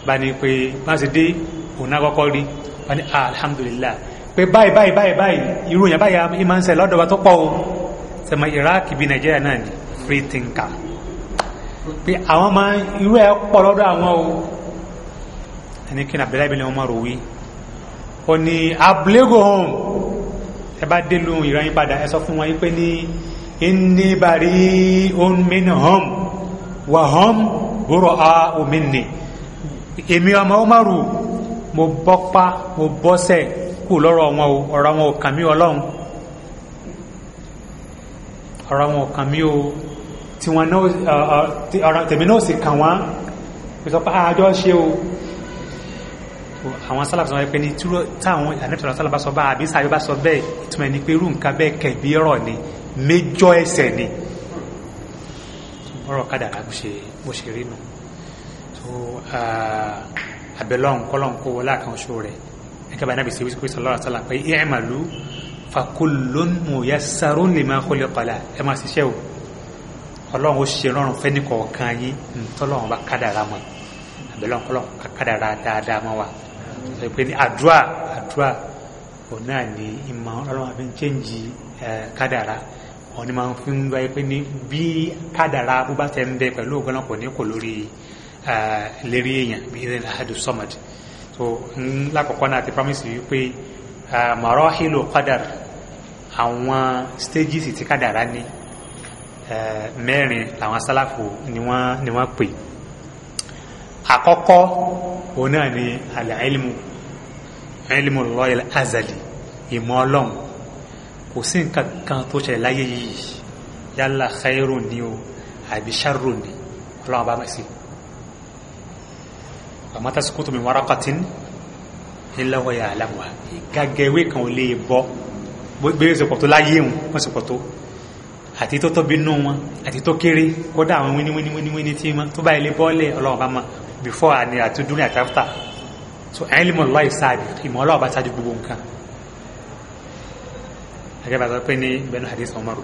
bá ní pé máa ṣe dé òní akọ́kọ́ rí wọ́n ní alhamdulillah pé báyìí báyìí báyìí báyìí irú yẹn báyìí máa ń ṣe lọ́dọ̀ wa tó pọ̀ o sẹ́mi Iraq bí Nàìjíríà náà ni free thinker pé àwọn máa irú ẹ̀ pọ̀ lọ́dọ̀ àwọn o ẹni kí ni Abdullahi bin Umar wí ó ní abúlégò hàn ẹ bá dé lu ìròyìn padà ẹ sọ fún wọn pé ní inni bari'un minhum wa hum bura'u minni èmi ọmọ Umaru mo bọ́pá mo bọ́sẹ̀ kù lọ́rọ̀ wọn o ọ̀rọ̀ wọn ò kàn mí ọlọ́run ọ̀rọ̀ wọn ò kàn mí o tí wọn náà tèmi náà sì kàn wọ́n pẹ̀sọ́ pé àjọ ah, ṣe o àwọn sálàbà sọ pé ní túrọ táwọn ànẹ́tọ̀rọ̀ sálàbà sọ bá àbí sàbí bá sọ bẹ́ẹ̀ ìtumọ̀ ẹni pé irú nǹkan bẹ́ẹ̀ kẹ̀bí ọ̀rọ̀ ni méjọ́ ẹsẹ̀ ni ọ̀rọ̀ kádàrá bó ṣe rí nù tó àbẹ̀lọ́n kọ́lọ́n kó wọlé àkànṣó rẹ̀ ẹ̀kẹ́ bá nábì sí wípé sọlọ́rọ̀ sálà pé i'malu fa kullun muyassarun lima khuliqa lahu ẹ máa ṣiṣẹ́ o ọlọ́run ó ṣe rọrùn fẹ́ni kọ̀ọ̀kan yín tọ́lọ́run bá kádàrà mọ́ àbẹ̀lọ́run kọ́lọ́run bá kádàrà dáadáa mọ́ wa sọ pé ní àdúrà àdúrà òun náà ni ìmọ̀ ọlọ́run àfi ń chẹ́ǹjì kádàrà òun ni máa ń fi ń wáyé pé ní bí kádàrà bó bá tẹ̀ ń bẹ pẹ̀lú ògbọ́n náà kò ní kò lórí lérí èèyàn bí ilé lahadu sọmọdì so lákọ̀ọ́kọ́ náà ti promise wípé marahilu kádàrà àwọn stages ti kádàrà ní mẹ́rin làwọn sálàfò ni wọ́n ni wọ́n pè àkọ́kọ́ òun náà ni al-ilmu ilmu Allahi al-azali ìmọ̀ ọlọ́run kò sí nǹkan kan tó ṣẹlẹ̀ láyé yìí yálà khairu ni o àbí sharru ni ọlọ́run bá mẹ́sì àmọ́ tasqutu min waraqatin illa wa ya'lamuha gàgẹ́wé kan ò lè bọ́ gbé ìsopọ̀ láyé òun wọ́n àti tó tóbi nù wọn àti tó kéré kódà àwọn wíní wíní wíní wíní tí wọn tó bá ilé bọ́ọ̀lẹ̀ ọlọ́run bá mọ̀ before àni àti during àti after so ẹ̀yìn lè mọ̀ lọ́ọ̀ ìsáàbì ìmọ̀ ọlọ́run bá ṣáájú gbogbo nǹkan. àgbẹ̀bà sọ pé ní bẹ́ẹ̀ni hadith Umar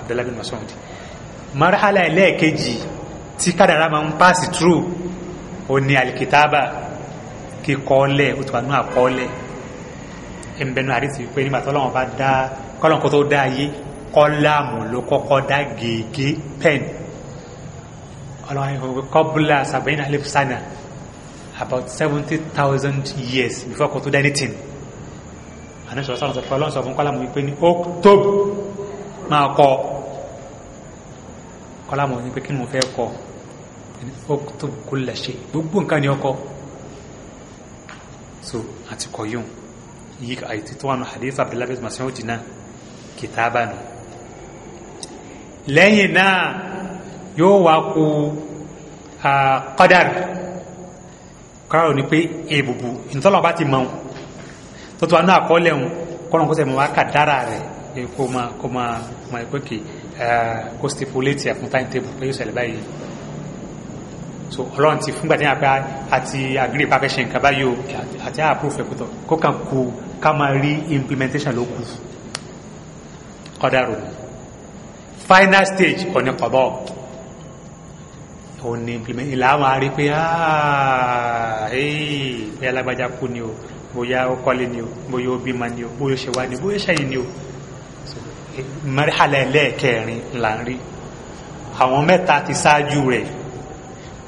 Abdullah bin Mas'ud marahala ẹlẹ́ẹ̀kejì tí kádàrá máa ń pass through ó ní alikitaba kíkọ́ọ́lẹ̀ ó ti wà ní àkọ́ọ́lẹ̀ ẹ̀ ń bẹ́ẹ̀ni hadith pé nígbà tó ọlọ́run bá dá kọ́lọ́n kọ́láàmù ló kọ́kọ́ dá gègé pen ọlọ́run kọ́bùlà sàbẹ̀yìn alifsana about seventy thousand years before kò tó dá anything àná sọ̀rọ̀ sọ̀rọ̀ sọ̀rọ̀ ọlọ́run sọ fún kọ́láàmù wípé ní october máa kọ́ kọ́láàmù ní kí ni mo fẹ́ kọ́ ní october kò lè gbogbo nǹkan ni ọkọ so àti kọ yóò yí àìtítọ́ àwọn hadith abdullahi masoud náà kìtàbà náà lẹ́yìn náà yóò wá kú kọ́dàrì kọ́dàrì ni pé èbùbù ìtọ́lọ́ bá ti mọ̀ ọ́n tó tó wà náà kọ́lẹ̀ ọ́n kọ́nà kó sẹ́mi wá kà dára rẹ̀ kó máa kó máa máa pé kì kó stipulate àfún time table pé yóò ṣẹlẹ̀ báyìí so ọlọ́run ti fúngbà tí wọ́n apẹ́ àti agree perfection nǹkan báyìí o àti approve ẹ̀kútọ̀ kó kàn kú ká máa rí implementation ló kù kọ́dàrì ni final stage ọ̀nì kọ̀bọ̀ òun ni implement ìlà àwọn arí pé bóyá ah, alágbájá kú ni o bóyá ó kọ́lé ni o bóyá ó bímọ ni o bóyá ó ṣe wá ni o bóyá ó ṣẹ̀yìn ni o mẹ́rìnlẹ̀ lẹ́ẹ̀kẹrin là ń rí àwọn mẹ́ta ti ṣáájú rẹ̀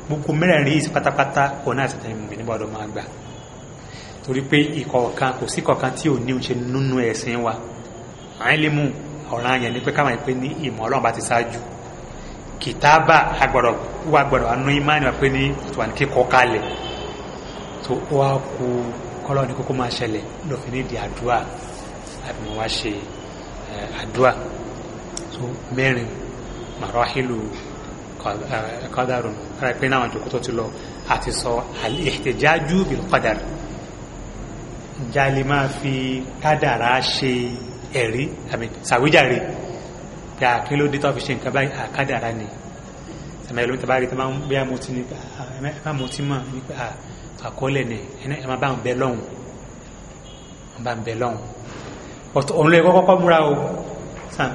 gbogbo mẹ́rẹ̀ẹ̀rin yìí pátápátá òun náà ti tẹ̀ mí nígbà ọ̀dọ̀ máa gbà torí pé ìkọ̀ọ̀kan kò sí kọ̀ọ̀kan tí ò ní oúnjẹ nínú ẹ̀sìn wa àìlèmú ọ̀ràn yẹn ni pé káwọn ìpè ní ìmọ̀ ọlọ́run bá ti ṣáájú kìtáàbà agbọ̀dọ̀ wà gbọ̀dọ̀ anú imáni wà pé ní ìtùwàní kíkọ́ kalẹ̀ tó wá kú kọ́lọ́ ní kókó máa ṣẹlẹ̀ lọ́fin ní di àdúrà àbí wọ́n wá ṣe àdúrà tó mẹ́rin màráhìlù kọ́dàrún rẹ̀ pé náà jòkó tó ti lọ àti sọ al-ihtijájú bil jálè máa fi kádàrá ṣe ẹ̀rí àmì sàwíjàre pé àkín ló dé tó fi ṣe nǹkan báyìí àkádàrá ni ẹ̀mẹ́ ló ń tàbá rí tó máa ń bí àmọ́ tí nípa ẹ̀má mo ti mọ̀ nípa àkọọ́lẹ̀ ni ẹ̀má bá ń bẹ lọ́hùn bá ń bẹ lọ́hùn ọ̀tọ̀ òun lè kọ́kọ́ múra o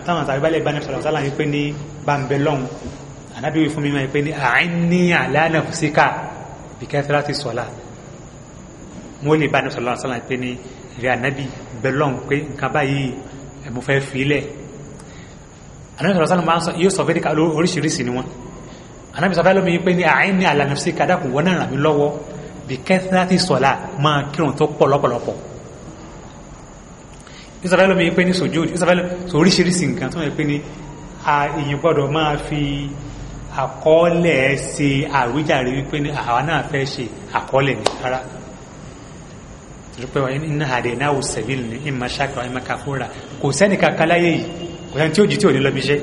táwọn àtàrí bá lè bá ní sọ̀rọ̀ sálà yìí pé ní bá ń bẹ lọ́hùn ànábì fún mi máa pé ní àárín ní àlànà fúsíkà bí kẹfẹ́ rẹ anabi bẹlọ́n pé nǹkan báyìí ẹ̀mú fẹ́ filẹ̀ anabi sọ̀rọ̀ sálùmọ́ yóò sọ fẹ́ẹ́ kálọ́ oríṣiríṣi ni wọn anabi sọ fẹ́ẹ́ lómi pé ní àárín ní alanafsi kadàkùn wọn náà ràn mí lọ́wọ́ bí kẹ́tàtì sọ̀la máa kírun tó pọ̀ lọ́pọ̀lọpọ̀ yóò fẹ́ẹ́ lómi pé ní sojú yóò fẹ́ẹ́ sọ oríṣiríṣi nǹkan tó wọn pé ní èèyàn gbọ́dọ̀ máa fi àkọọ́lẹ̀ ṣe àwíjàre wípé ní àwa náà fẹ́ ṣe àkọọ́lẹ̀ ní rárá pé wa ina ò sẹ̀bìl ni ìmọ̀ ṣákà ìmọ̀ kàfúrà kò sẹ́ni kàkàláyé yìí kò sẹ́ni tí ó jí tí ò ní lọ bíṣẹ́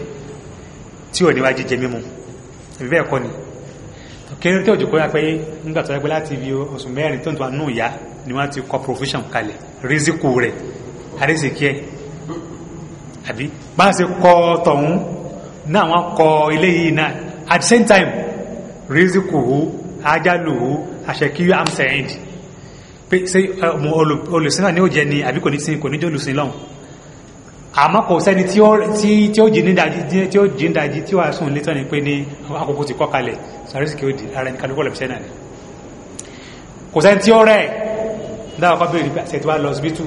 tí ò ní wá jíjẹ mímu ẹ̀bí bẹ́ẹ̀ kọ́ ni kéré tí òjò kóyà pé nígbà tó yẹ pé láti ibi oṣù mẹ́rin tó ń tó ni wọ́n ti kọ provision kalẹ̀ rísíkù rẹ̀ àrísìkí ẹ̀ àbí bá ṣe kọ tọ̀hún náà wọ́n kọ ilé yìí náà at the same time rísíkù ajálù àṣẹkíyọ amsẹ̀yìn pé ṣé olùsìn náà ni ó jẹ ni àbí kò ní sin kò ní jẹ́ olùsìn lọ́hùn àmọ́ kò sẹ́ni tí ó jí ní dájí tí ó jí ní dájí tí ó wà sùn létọ́ ni pé ní àkókò ti kọ́ kalẹ̀ sàrísìkì ó di ara ní kálukú ọlọ́pìṣẹ́ náà ni kò sẹ́ni tí ó rẹ̀ dáwọ́ kọ́ bèèrè àti ètò àlọ́sibítù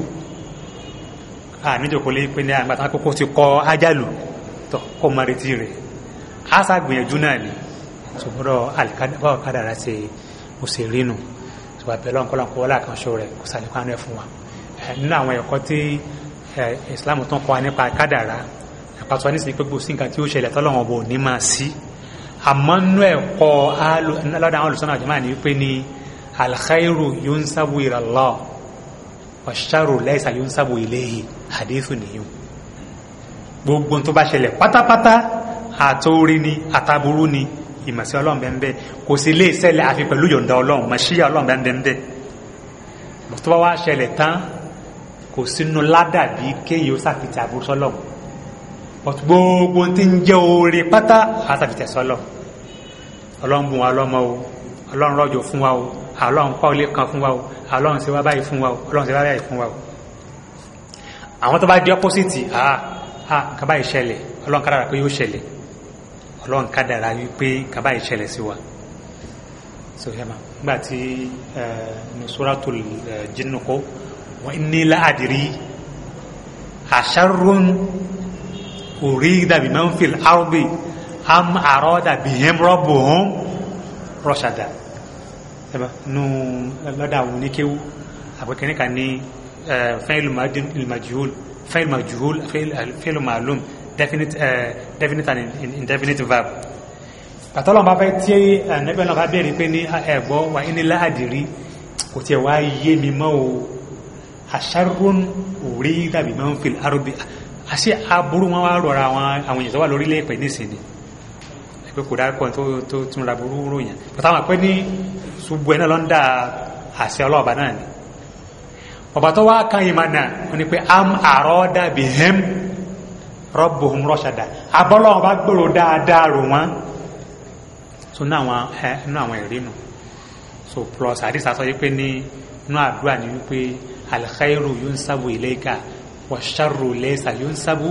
àmì ìjòkó lé pé ní àgbàtà àkókò ti kọ́ ájálù tó kó mọ retí rẹ̀ á sàgbìyànjú náà ni ṣùgbọ́n àlùkádàrà ṣe òṣèré nù tó bá bẹ̀rẹ̀ ọ̀nkọ́lá kó wọlé àkànṣe rẹ̀ kó sàlékún àánú ẹ̀ fún wa nínú àwọn ẹ̀kọ́ tí Islam tán kọ́ wa nípa kádàrá àpàtúwá ní sèpé gbòsí nǹkan tí ó ṣẹlẹ̀ tọ́lọ́wọ́n bò ní máa sí àmọ́ nínú ẹ̀kọ́ lọ́dọ̀ àwọn olùsọ́nà àjọmọ́ àní wípé ni alkhairu yunsabu ila Allah washaru laysa yunsabu ilayhi hadithu nìyẹn gbogbo tó bá ṣẹlẹ̀ pátápátá àtórí ni àtàbúrú ni ìmọ̀sí ọlọ́run bẹ́ẹ̀ bẹ́ẹ̀ kò sí lè ṣẹlẹ̀ àfi pẹ̀lú yọ̀ǹda ọlọ́run mọ̀síyà ọlọ́run bẹ́ẹ̀ bẹ́ẹ̀ mọ̀tọ́wá wá ṣẹlẹ̀ tán kò sínú ládàbí kéyìí ó sàfitì àbúrú sọ́lọ́run but gbogbo tí ń jẹ́ oore pátá á sàfitì sọ́lọ́ ọlọ́run bùn wa lọ́mọ o ọlọ́run rọ̀jò fún wa o ọlọ́run pa olè kan fún wa o ọlọ́run ṣe wá báyìí fún wa o ọlọ́run ṣe wá báyìí fún wa o àwọn tó bá di opposite ah ah nǹkan báyìí ṣẹlẹ̀ ọlọ́run kárára pé yóò ṣẹlẹ̀ ọlọ́run kádàrá wípé kaba ìṣẹ̀lẹ̀ sí wa so yẹma nígbà tí nusratul jinnu kó wa inni la adri asharrun urida biman fil ardi am arada bihim rabbuhum rashada yẹma nu lọ́dà àwọn oníkéwu àpẹkẹ́ni kan ní fẹ́ẹ́ lùmájúhùl fẹ́ẹ́ lùmájúhùl fẹ́ẹ́ lùmálùm definite uh, definite and indefinite verb katọlọmọ bá fẹ́ tí ànábì uh, Ọlọ́run bá bẹ̀rẹ̀ pé ní ẹgbọ wà ní láàdìrí kò tiẹ̀ wá yé mi mọ́ o àṣàrún òrí dàbí máa ń fi àròbí àṣẹ aburú wọn wá rọra àwọn èèyàn tó wà lórílẹ̀ èpè nísìnyí pé kò dárúkọ tó tó tún ra burú ròyìn pàtàkì àwọn pé ní ṣubú ẹ náà ló ń dá àṣẹ ọlọ́ọ̀bá náà ni ọ̀bà tó wá kan ìmọ̀ náà wọn am aroda dàbí hẹ́m rabbuhum rashada abọ́lọ́wọ́n bá gbèrò dáadáa rò wọ́n so nínú àwọn ẹ nínú àwọn ẹ̀rí so plus àdìsá sọ wípé ní inú àdúrà ni wípé alkhairu yunsabu ilayka washarru laysa yunsabu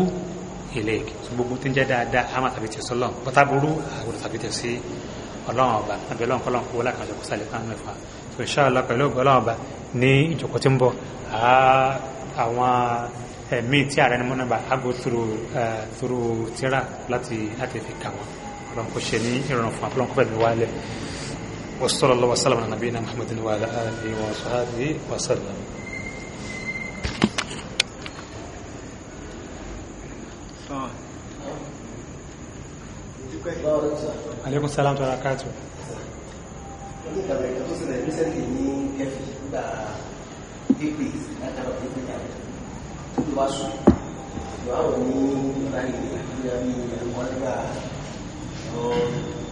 ilayka so gbogbo tó ń jẹ́ dáadáa a máa tàbí tẹ̀ sọ́lọ́ bọ́tà burú àgùrọ̀ tàbí tẹ̀ sí ọlọ́run ọba àbí ọlọ́run kó lákàtà kó sálẹ̀ kánú ẹ̀fà so insha Allah pẹ̀lú ọlọ́run ọba ní ìjòkó tí ẹ̀mí tí ààrẹ ni mo nàbà ago toro eh, tíra láti láti fi kà wọn ọlọ́run kò ṣe ní ìrọ̀rùn fún ọlọ́run kò fẹ́mi wálẹ̀ wa sallallahu wa sallam nabi na muhammadin wa ala alihi wa sahbihi wa sallam aleykum salaam tó ra káàtó. wọ́n ní ìtàwé ìtàwé tó ṣẹlẹ̀ recently ní kẹfì nígbà dp látara dp ní àwùjọ tó bá sùn ìwà wọ̀ ní báyìí ní àbí ẹ̀wọ̀n nígbà ọ̀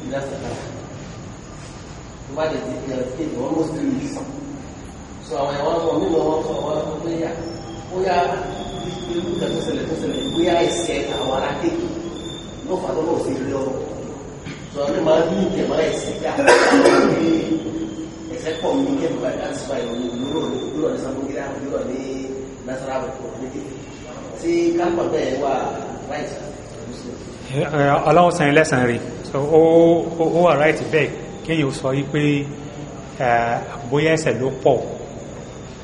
ìdásàkà tó bá jẹ́ ti ẹ̀ ṣe ìwọ̀n ló sì rí sọ àwọn ẹ̀wọ̀n kan nínú ọwọ́ kan wọ́n sọ pé yà ó yà irú ìgbà tó ṣẹlẹ̀ tó ṣẹlẹ̀ pé yà ẹ̀ṣẹ̀ àwọn ará kéèkì ló fà lọ́wọ́ sí ilé ọ̀rọ̀ sọ ní máa ní ìjẹ̀mọ́ ẹ̀ṣẹ̀ kí àwọn ẹ̀ṣẹ̀ pọ̀ mí kẹ́kọ̀ọ́ àti àtìsíwáyọ̀ lóró lóró ní sàmúgírí àwọn lóró ní nasara bẹ̀kọ̀ nídìí tí kápọ̀ bẹ́ẹ̀ wà right eh, ọlọ́run sẹ́yìn lẹ́sàn rí so ó wà right bẹ́ẹ̀ kéèyàn sọ Eh, bóyá ẹsẹ̀ ló pọ̀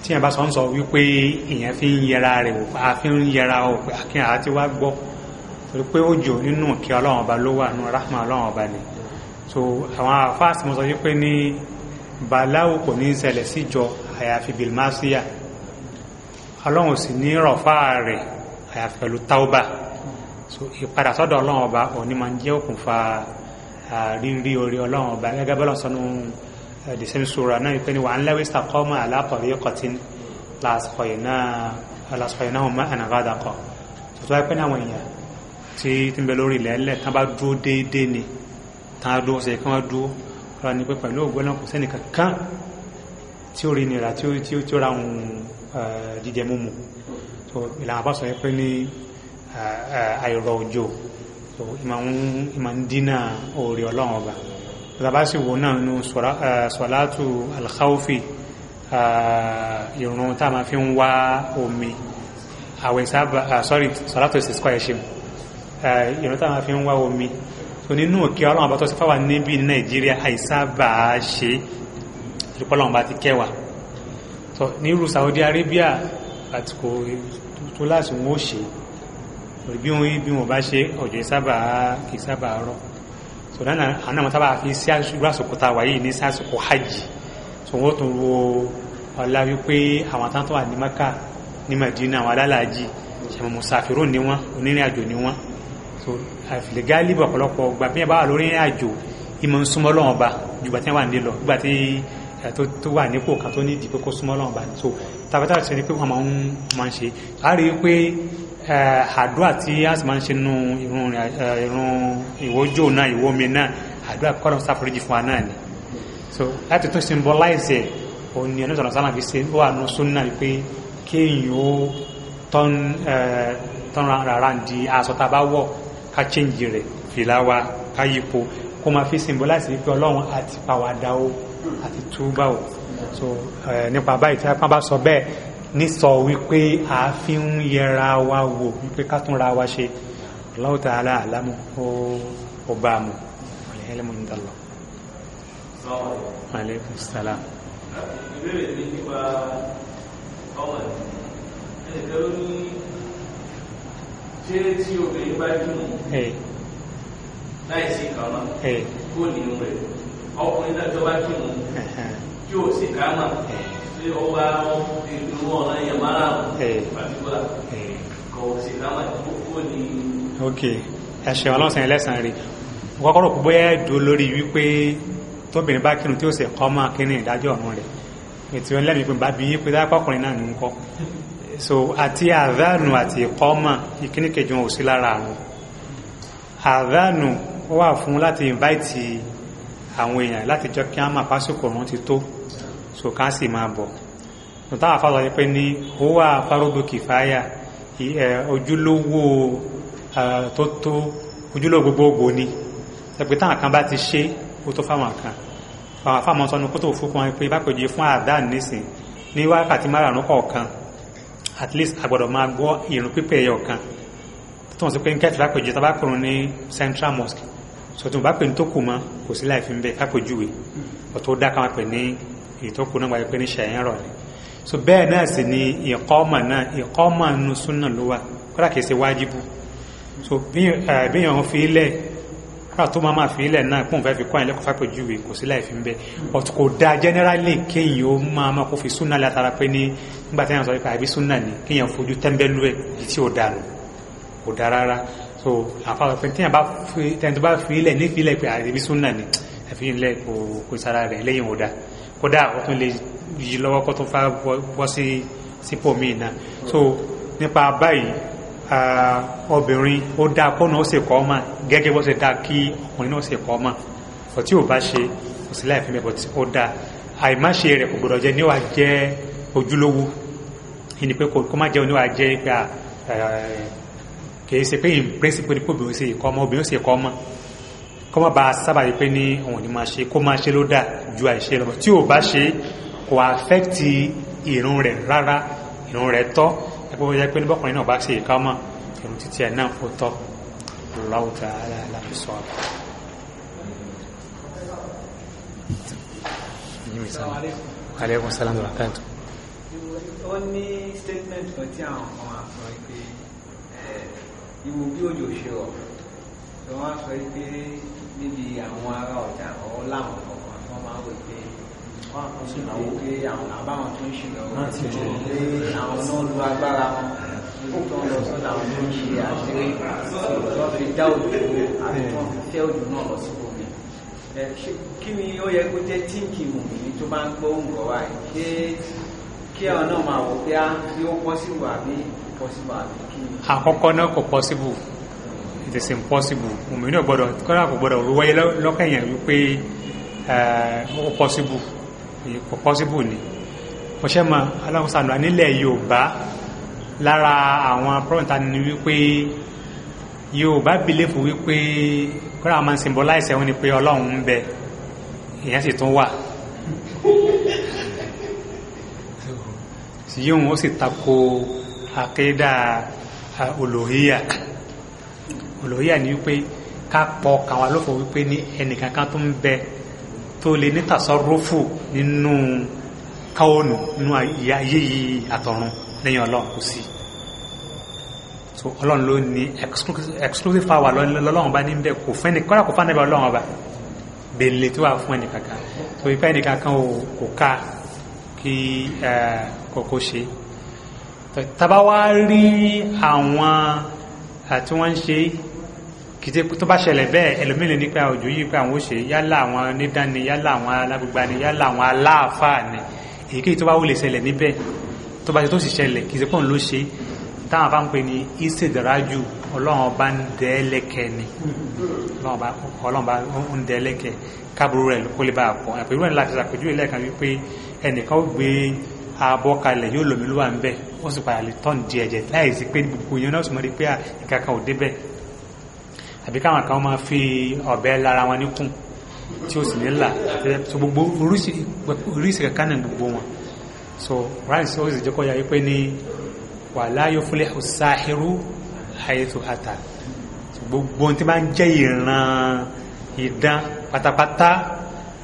tí yẹn bá sọ ń sọ wípé èèyàn fi ń yẹra rẹ̀ wò pa fi ń yẹra wò pé akínyà àti wá gbọ́ torí pé ó jò nínú kí ọlọ́run ọba ló wà nínú rahman ọlọ́run ọba ni so àwọn afáàsì mo sọ wípé ní balawo kò ní í ṣẹlẹ̀ síjọ àyàfi bilmasiya ọlọ́run sì ní rọ̀fà rẹ̀ àyàfi pẹ̀lú tauba so ìpadà sọ́dọ̀ ọlọ́run ọba òní máa ń jẹ́ òkùnfà rírí orí ọlọ́run ọba gẹ́gẹ́ bọ́lá sọnù the same sura náà wípé ni wà ń lẹ́wé sàkọ́mọ́ àlápọ̀rí kọtín lásìkò yìí náà mọ́ ànàgádà kọ tuntun wáyé pé ní àwọn èèyàn tí tí ń bẹ lórí ilẹ̀ ẹlẹ́ tán bá dúró déédéé ni tán á dúró ṣe kí wọ́n dúró rọ ni pé pẹ̀lú ògbó náà kò sẹ́nìkan kan tí ó rí nira tí ó ra òun jíjẹ eh, múmu so ìlànà bá sọ yẹ pé ní eh, eh, àìrọ̀ òjò so ìmọ̀ ń dínà oore ọlọ́run ọba ìtàbá sì wò náà nínú sọ̀látù alkhaufi ìrun tá a máa fi ń wá omi àwẹ̀ sábà sorry sọ̀látù ìsìnkọ́ ẹ̀ṣẹ̀ ìrun tá a máa fi ń wá omi so nínú òkè ọlọ́run ọba tó sì fáwà níbi ní nàìjíríà àìsábà ṣe ìrúpọ́lọ́run ọba ti kẹwàá so nírú Saudi Arabia àtìkò tó láti wọn ó ṣe bí wọn bí wọn bá ṣe ọjọ́ ìsábà kì í sábà rọ so náà àwọn àwọn sábà fi sí irú àsìkò tá a wà ní sásìkò hajj so wọn tún wo ọlá wípé àwọn àtàntàn wà ní Maka ní Madina àwọn alálàájì ṣàmì musafiro ni wọn onírìn àjò ni wọn so àfìlẹ gáálì ọ̀pọ̀lọpọ̀ gbà bí wọn bá wà lórí ìrìn àjò ìmọ̀ ń súnmọ́ ba jùgbà tí wọn wà nílò jùgbà tó tó wà nípò kan tó ní ìdí kó súnmọ́ lọ́wọ́ bá so tàbátà ṣe ni pé wọ́n máa ń máa ń ṣe a rí i pé àdúrà tí a sì máa ń ṣe nínú ìrun ìrun ìwọ́jọ́ náà ìwọ́mi náà àdúrà kọ́dọ̀ sáfúrẹ́jì fún wa náà ni so láti tún symbolize ẹ̀ òun ni ẹ̀nùsọ̀rọ̀ sálà fi ṣe ó wà nù súnà pé kéèyàn ó tán rárá di aṣọ tá a bá wọ̀ ká change rẹ̀ fìlà wa ká yípo kó máa fi symbolize wípé ọlọ́run àti pàwàdà o àti túbà o so nípa báyìí tí a bá sọ bẹ́ẹ̀ nísọ wípé a fi ń yẹra wa wò wípé ká tún ra wa ṣe Allahu ta'ala àlámù ó bá a mú ẹlẹ́mú ní dàlọ́. aleykum salaam. ìbéèrè mi tí obìnrin bá dùn láì sí ìkànnà kó nínú rẹ̀ ọkùnrin náà tó bá kí mu tí ò sì ká mà tí ó bá inú ọ̀nà yẹn márùn-ún pàtíkùlà kò sì ká mà kó ní. ok ẹ̀ṣẹ̀ ọlọ́sàn ẹlẹ́sàn rí kọ́kọ́rọ́ kò bóyá dò lórí wípé tóbìnrin bá kírun tí ó sì kọ́ máa kí ní ìdájọ́ ọ̀run rẹ̀ ètò ẹlẹ́mìí pé bá bí yín pé náà ń kọ́ so àti àdánù àti ìkọ́ máa ìkíníkejì wọn ò sí lára àwọn àdánù ó wà fún láti invite àwọn èèyàn láti jọ kí á máa pásòkò ọ̀run ti tó so ká sì máa bọ̀ nùtá àfàlọ́ yẹ pé ní ó wà fárúdù kìfáyà ojúlówó tó tó ojúlówó gbogbogbò ni ẹgbẹ́ táwọn kan bá ti ṣe ó tó fáwọn kan àwọn afáàmọ́ sọnù kó tó fún kan pé bápẹ̀jì fún àdáà nísìn ní wákàtí márùn-ún kọ̀ọ̀kan at least agbọ́dọ̀ máa gbọ́ ìrun pípẹ́ ẹ̀yọ̀ kan tó wọ́n sọ pé ń kẹ́tù lápẹ̀jì tabakùnrin ní central mosque sọtún bá pè ní tó kù mọ kò sí láì fi ń bẹ kápẹjúwe ọtọ dá káwọn pè ní èyí tó kù náà wáyé pé ní ṣàyẹn rọ ni so bẹ́ẹ̀ náà sì ni ìkọ́mà náà ìkọ́mà nu súnà ló wà kódà kìí ṣe wájibú so bí yàn fi ilẹ̀ kódà tó máa máa fi ilẹ̀ náà kóun fẹ́ fi kọ́ àyìnlẹ́kọ̀ọ́ fápẹjúwe kò sí láì fi ń bẹ ọtún kò dáa generally kéèyàn ó máa máa kó fi súnà látara pé ní nígbà tí yàn sọ ni kéèyàn fojú tẹ́ńbẹ́lú ẹ̀ tí ò so àfàwọn pé tí àbá tẹni tó bá fi ilẹ̀ nípìnlẹ̀ pé àríbí súnà ni àfi ilẹ̀ kò kò sára rẹ̀ lẹ́yìn òdà kódà ó tún lè yí lọ́wọ́ kó tó fà bọ́ sí sípò míì náà so nípa báyìí obìnrin ó dá kọ́nà ó sì kọ́ ọ́ mà gẹ́gẹ́ bó ṣe dá kí ọkùnrin náà sì kọ́ ọ́ mà ọ̀ tí ò bá ṣe kò sí láì fi mẹ́kọ̀ọ́ tí ó dá àìmáṣe rẹ̀ kò gbọdọ̀ jẹ́ níwà jẹ́ ojúlówó ìní pé kò má jẹ́ oníwà jẹ́ pé kìí ṣe pé ìpínsípò ní kóbìnrin ṣe ìkọ́ ọmọ obìnrin ṣe ìkọ́ ọmọ kọ́ mọ́ bá a sábà yìí pé ní òun ni máa ṣe kó máa ṣe ló dà ju àìṣe lọ tí ò bá ṣe kò àfẹ́tì ìrun rẹ̀ rárá ìrun rẹ̀ tọ́ ẹgbẹ́ bó yẹ pé níbọ̀kùnrin náà bá ṣe ìkọ́ ọmọ ìrun títí ẹ̀ náà ó tọ́ Allahu wọ́n ní statement kan tí àwọn kan ìwò bí òjò ṣe ọ̀ tí wọ́n sọ pé níbi àwọn ará ọ̀dà ọ̀ láwọn ọ̀pọ̀ àwọn máa ń wò pé wọ́n kò sí àwọn pé àwọn àbáwọn tó ń ṣe lọ wọ́n ti rò pé àwọn náà lu agbára wọn ó kàn lọ sọ́dọ̀ àwọn tó ń ṣe àṣírí lọ́ fi dá òjò àti wọ́n fi tẹ́ òjò náà lọ sí omi kí ni ó yẹ kó jẹ́ tíǹkì mùmí tó bá ń gbọ́ òǹkọ̀ wáyé kí àwọn náà máa wò pé á tí ó pọ́síbù àbí pọ́síbù àbí kí. àkọ́kọ́ náà kò pọ́síbù it is impossible òmìnir náà gbọ́dọ̀ kọ́dà kò gbọ́dọ̀ wáyé lọ́kàn yẹn wípé eh, ó pọ́síbù kò pọ́síbù ni ọ̀ṣẹ́ mọ́ aláwọ̀sánà nílẹ̀ Yorùbá lára àwọn pọ́ǹtà ni wípé Yorùbá bìlẹ̀fù wípé kọ́dà máa ń symbolize ẹ̀hún ni pé yíò wọ́n sì tako àkédà olóhíyà olóhíyà ni wípé ká pọ̀ kàwá lófò wípé ní ẹnìkankan tó ń bẹ tó lè ní tasarrufu nínú káwọnù nínú ayé yìí àtọ̀run lẹ́yìn ọlọ́run kò sí so ọlọ́run ló ní exclusive power lọ́lọ́run bá níbẹ̀ kò fẹ́ ní kọ́lá kò fẹ́ níbẹ̀ ọlọ́run ọba bèlè tó wà fún ẹnìkankan tó ipá ẹnìkankan kò ká kí kòkó ṣe tàbá wá rí àwọn àti wọ́n ń ṣe kìtẹ́ tó bá ṣẹlẹ̀ bẹ́ẹ̀ ẹlòmílẹ̀ nípa òjò yìí pé àwọn ó ṣe yálà àwọn nídání yálà àwọn alágbègbà ni yálà àwọn aláàfáà ni èyíkéyìí tó bá wọlé ṣẹlẹ̀ níbẹ̀ tó bá ṣe tó sì ṣẹlẹ̀ kìtẹ́ pọ̀ ló ṣe táwọn afá ń pè ní ìṣèdárájú ọlọ́run ọba ń dẹ́ẹ́lẹ́kẹ́ ni ọlọ́run ọba ń dẹ́ẹ́lẹ́kẹ́ káàbùrú rẹ̀ kó lè bá a pọ̀ àpèrú ẹ̀ láti ṣàpèjúwe lẹ́ẹ̀kan wípé ẹnìkan ó gbé abọ́ kalẹ̀ yóò lòmí lówà ń bẹ̀ ó sì padà lè tọ́n di ẹ̀jẹ̀ láì sí pé gbogbo yẹn náà sì mọ́ di pé ìkankan ò débẹ̀ àbí káwọn kan máa fi ọ̀bẹ lára wọn níkùn tí ó sì ní là so gbogbo oríṣi kankan náà gbogbo wọn so rice ó sì jẹ́ kọ́ ya wípé ní wala yuflihu sáhírú haythu ata gbogbo tí bá ń jẹ́ ìran ìdán pátápátá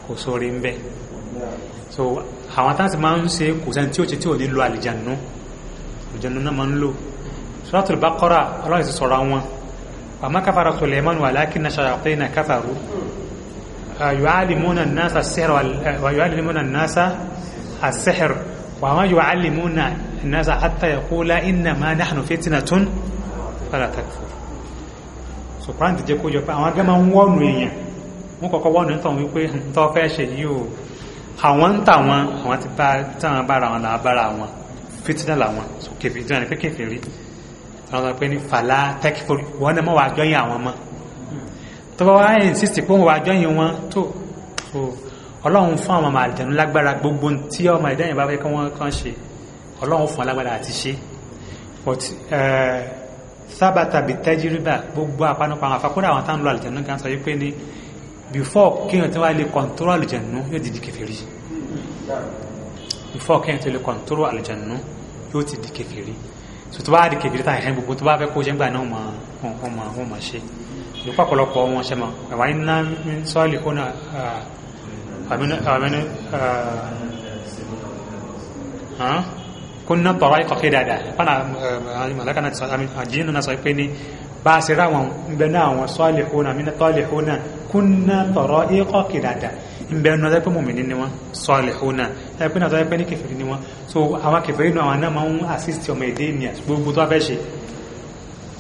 kò sórí ń bẹ̀ so àwọn táǹsì máa ń ṣe kò sẹ́ni tí ó ṣe tí ò ní lo àlìjànú àlìjànú náà máa ń lò Suratul Baqara ọlọ́run ti sọ̀rọ̀ àwọn wa ma kafara Sulaiman walakinna shayatina kafaru yu'allimuna an-nasa as-sihr eh, wa yu'allimuna an-nasa as-sihr wa ma yu'allimuna an-nasa hatta yaqula innama nahnu fitnatun jẹ́ kó jọ pé àwọn agbẹ́ máa ń wọ́nù èèyàn wọ́n kọ́kọ́ wọ́nù ń tàn wípé ń tọ́ fẹ́ ṣe yìí àwọn ń tà wọn àwọn ti bá táwọn bára wọn làwọn bára wọn fitinẹ làwọn kẹfì jẹ́ ni pé kẹfì rí àwọn sọ pé ní fàlà tẹ́kífòrí wọn náà mọ̀ wá jọyìn àwọn mọ́ tọ́wọ́ wá insist pé wọ́n wá jọyìn wọn tó tó ọlọ́run fún àwọn ọmọ àlìjẹ̀nu lágbára gbogbo tí ọmọ ìdẹ́yìn bá fẹ́ kí wọ́n kàn ṣe ọlọ́run fún alágbára àti ṣe but sábà tàbí tẹ́jíríbà gbogbo àpánupá àwọn afakúrò àwọn táwọn lọ àlìjẹ̀nu gan sọ yìí pé ní before kíyàn tí wá lè kọ̀ntúrò àlùjànnú yóò ti di kèfèrí before kíyàn tí lè kọ̀ntúrò àlùjànnú yóò ti di kèfèrí so tó bá di kèfèrí tàà ẹ̀hẹ́ gbogbo tó bá fẹ́ kó jẹ́ gbà náà wọ́n ma ma ṣe ìlúpà pọ̀lọpọ̀ wọn ṣe ma ẹ̀wà iná sọ́ọ̀lì kó náà àmínú kó náà tọ̀rọ̀ ikọ̀ kí dáadáa fánà àjíyàn náà sọ pé ní bá a ṣe ráwọn ńbẹ náà àwọn salihuna min talihuna kunna taraiqa qidada ńbẹ náà tẹ́pẹ́ mùmìnì ni wọ́n salihuna tẹ́pẹ́ náà tẹ́pẹ́ ní kẹfìrí ni wọ́n so àwọn kẹfìrí náà àwọn náà máa ń assist ọmọ èdè ní gbogbo tó fẹ́ ṣe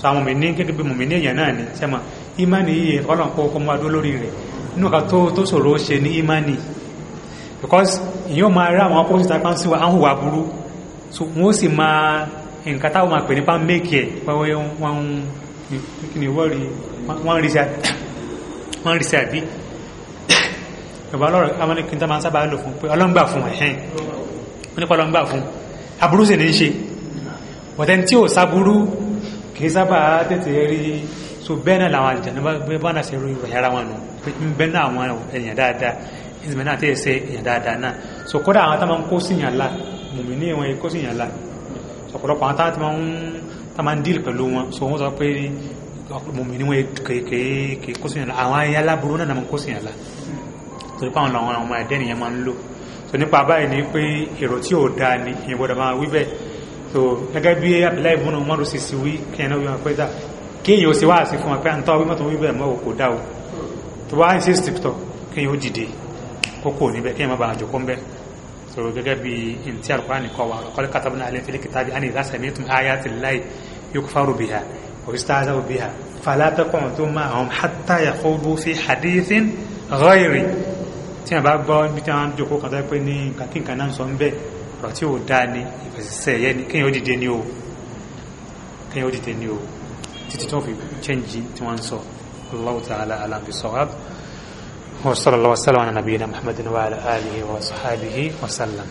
so àwọn mùmìnì gẹ́gẹ́ bí mùmìnì èèyàn náà ni sẹ́mọ̀ ìmánì yìí ọlọ́n kó kó máa dó lórí rẹ̀ inú kan tó tó ṣòro ṣe ní ìmánì because ìyóò máa rí àwọn opposite apáǹsì wa áhùwà burú so wọ́n sì máa nǹkan táwọn máa pè nípa make it pé wọ́n ń kíni wọ́n rí wọ́n rí sí àbí ìbá ọlọ́rọ̀ àwọn ẹkùn tó máa ń sábà lò fún pé ọlọ́ngbà fún ẹ̀hẹ́n nípa ọlọ́ngbà fún aburú sì ní ṣe wọ̀tẹ́ni tí ò sáburú kìí sábà tètè rí so bẹ́ẹ̀ náà làwọn àjẹ̀nà bá náà ṣe rú ìwẹ̀yára wọn nù bẹ́ẹ̀ náà àwọn èèyàn dáadáa ìsìnkú náà tẹ́ ṣe èèyàn dáadáa náà so kódà àwọn tó máa kó síyàn lá mùmí ní ìwọ̀n kó síyàn lá ọ̀pọ̀lọpọ̀ àwọn tó máa ń Taman máa ń díìlì pẹ̀lú wọn so wọ́n sọ pé mòmí ni wọ́n kéèké kó sí ìyànlá àwọn ayé aláburú náà máa kó sí ìyànlá torí pé àwọn làwọn ọmọ ẹ̀dẹ́ nìyẹn máa ń lò so nípa báyìí ni pé èrò tí ò dáa ni èèyàn gbọ́dọ̀ máa wí bẹ́ẹ̀ so gẹ́gẹ́ bí Abdullahi ibn Umar sì sí wí kẹ́yìn náà wí wọn pé dà kéèyàn ó sì wá àsìkò wọn pé à ń tọ́ wí mọ́tò wí bẹ́ẹ̀ mọ́ òkò dá o tó bá ń ṣe stiptọ̀ kéèyàn ó dìde kókò níbẹ̀ kéèyàn má bàa jókòó ń so gẹ́gẹ́ bí n tí alukurani kọ́ wa kọ́lé katabuna alẹ́ fili kitabi ani idha sami'tum ayati llahi yukfaru biha wa yustahza'u biha fala taq'udu ma'ahum hatta yakhudu fi hadithin ghayri tí a bá gbọ́ bí tí wọ́n jókòó kan tó pé ní nǹkan kí nǹkan náà sọ ń bẹ́ ọ̀rọ̀ tí ò dáa ni ìfẹ̀sẹ̀sẹ̀ yẹ ni kéèyàn ó dìde ni o kéèyàn ó dìde ni o títí tí fi chẹ́ǹjì tí wọ́n ń sọ Allahu ta'ala alam bis وصلى الله وسلم على نبينا محمد وعلى آله وصحابه وسلم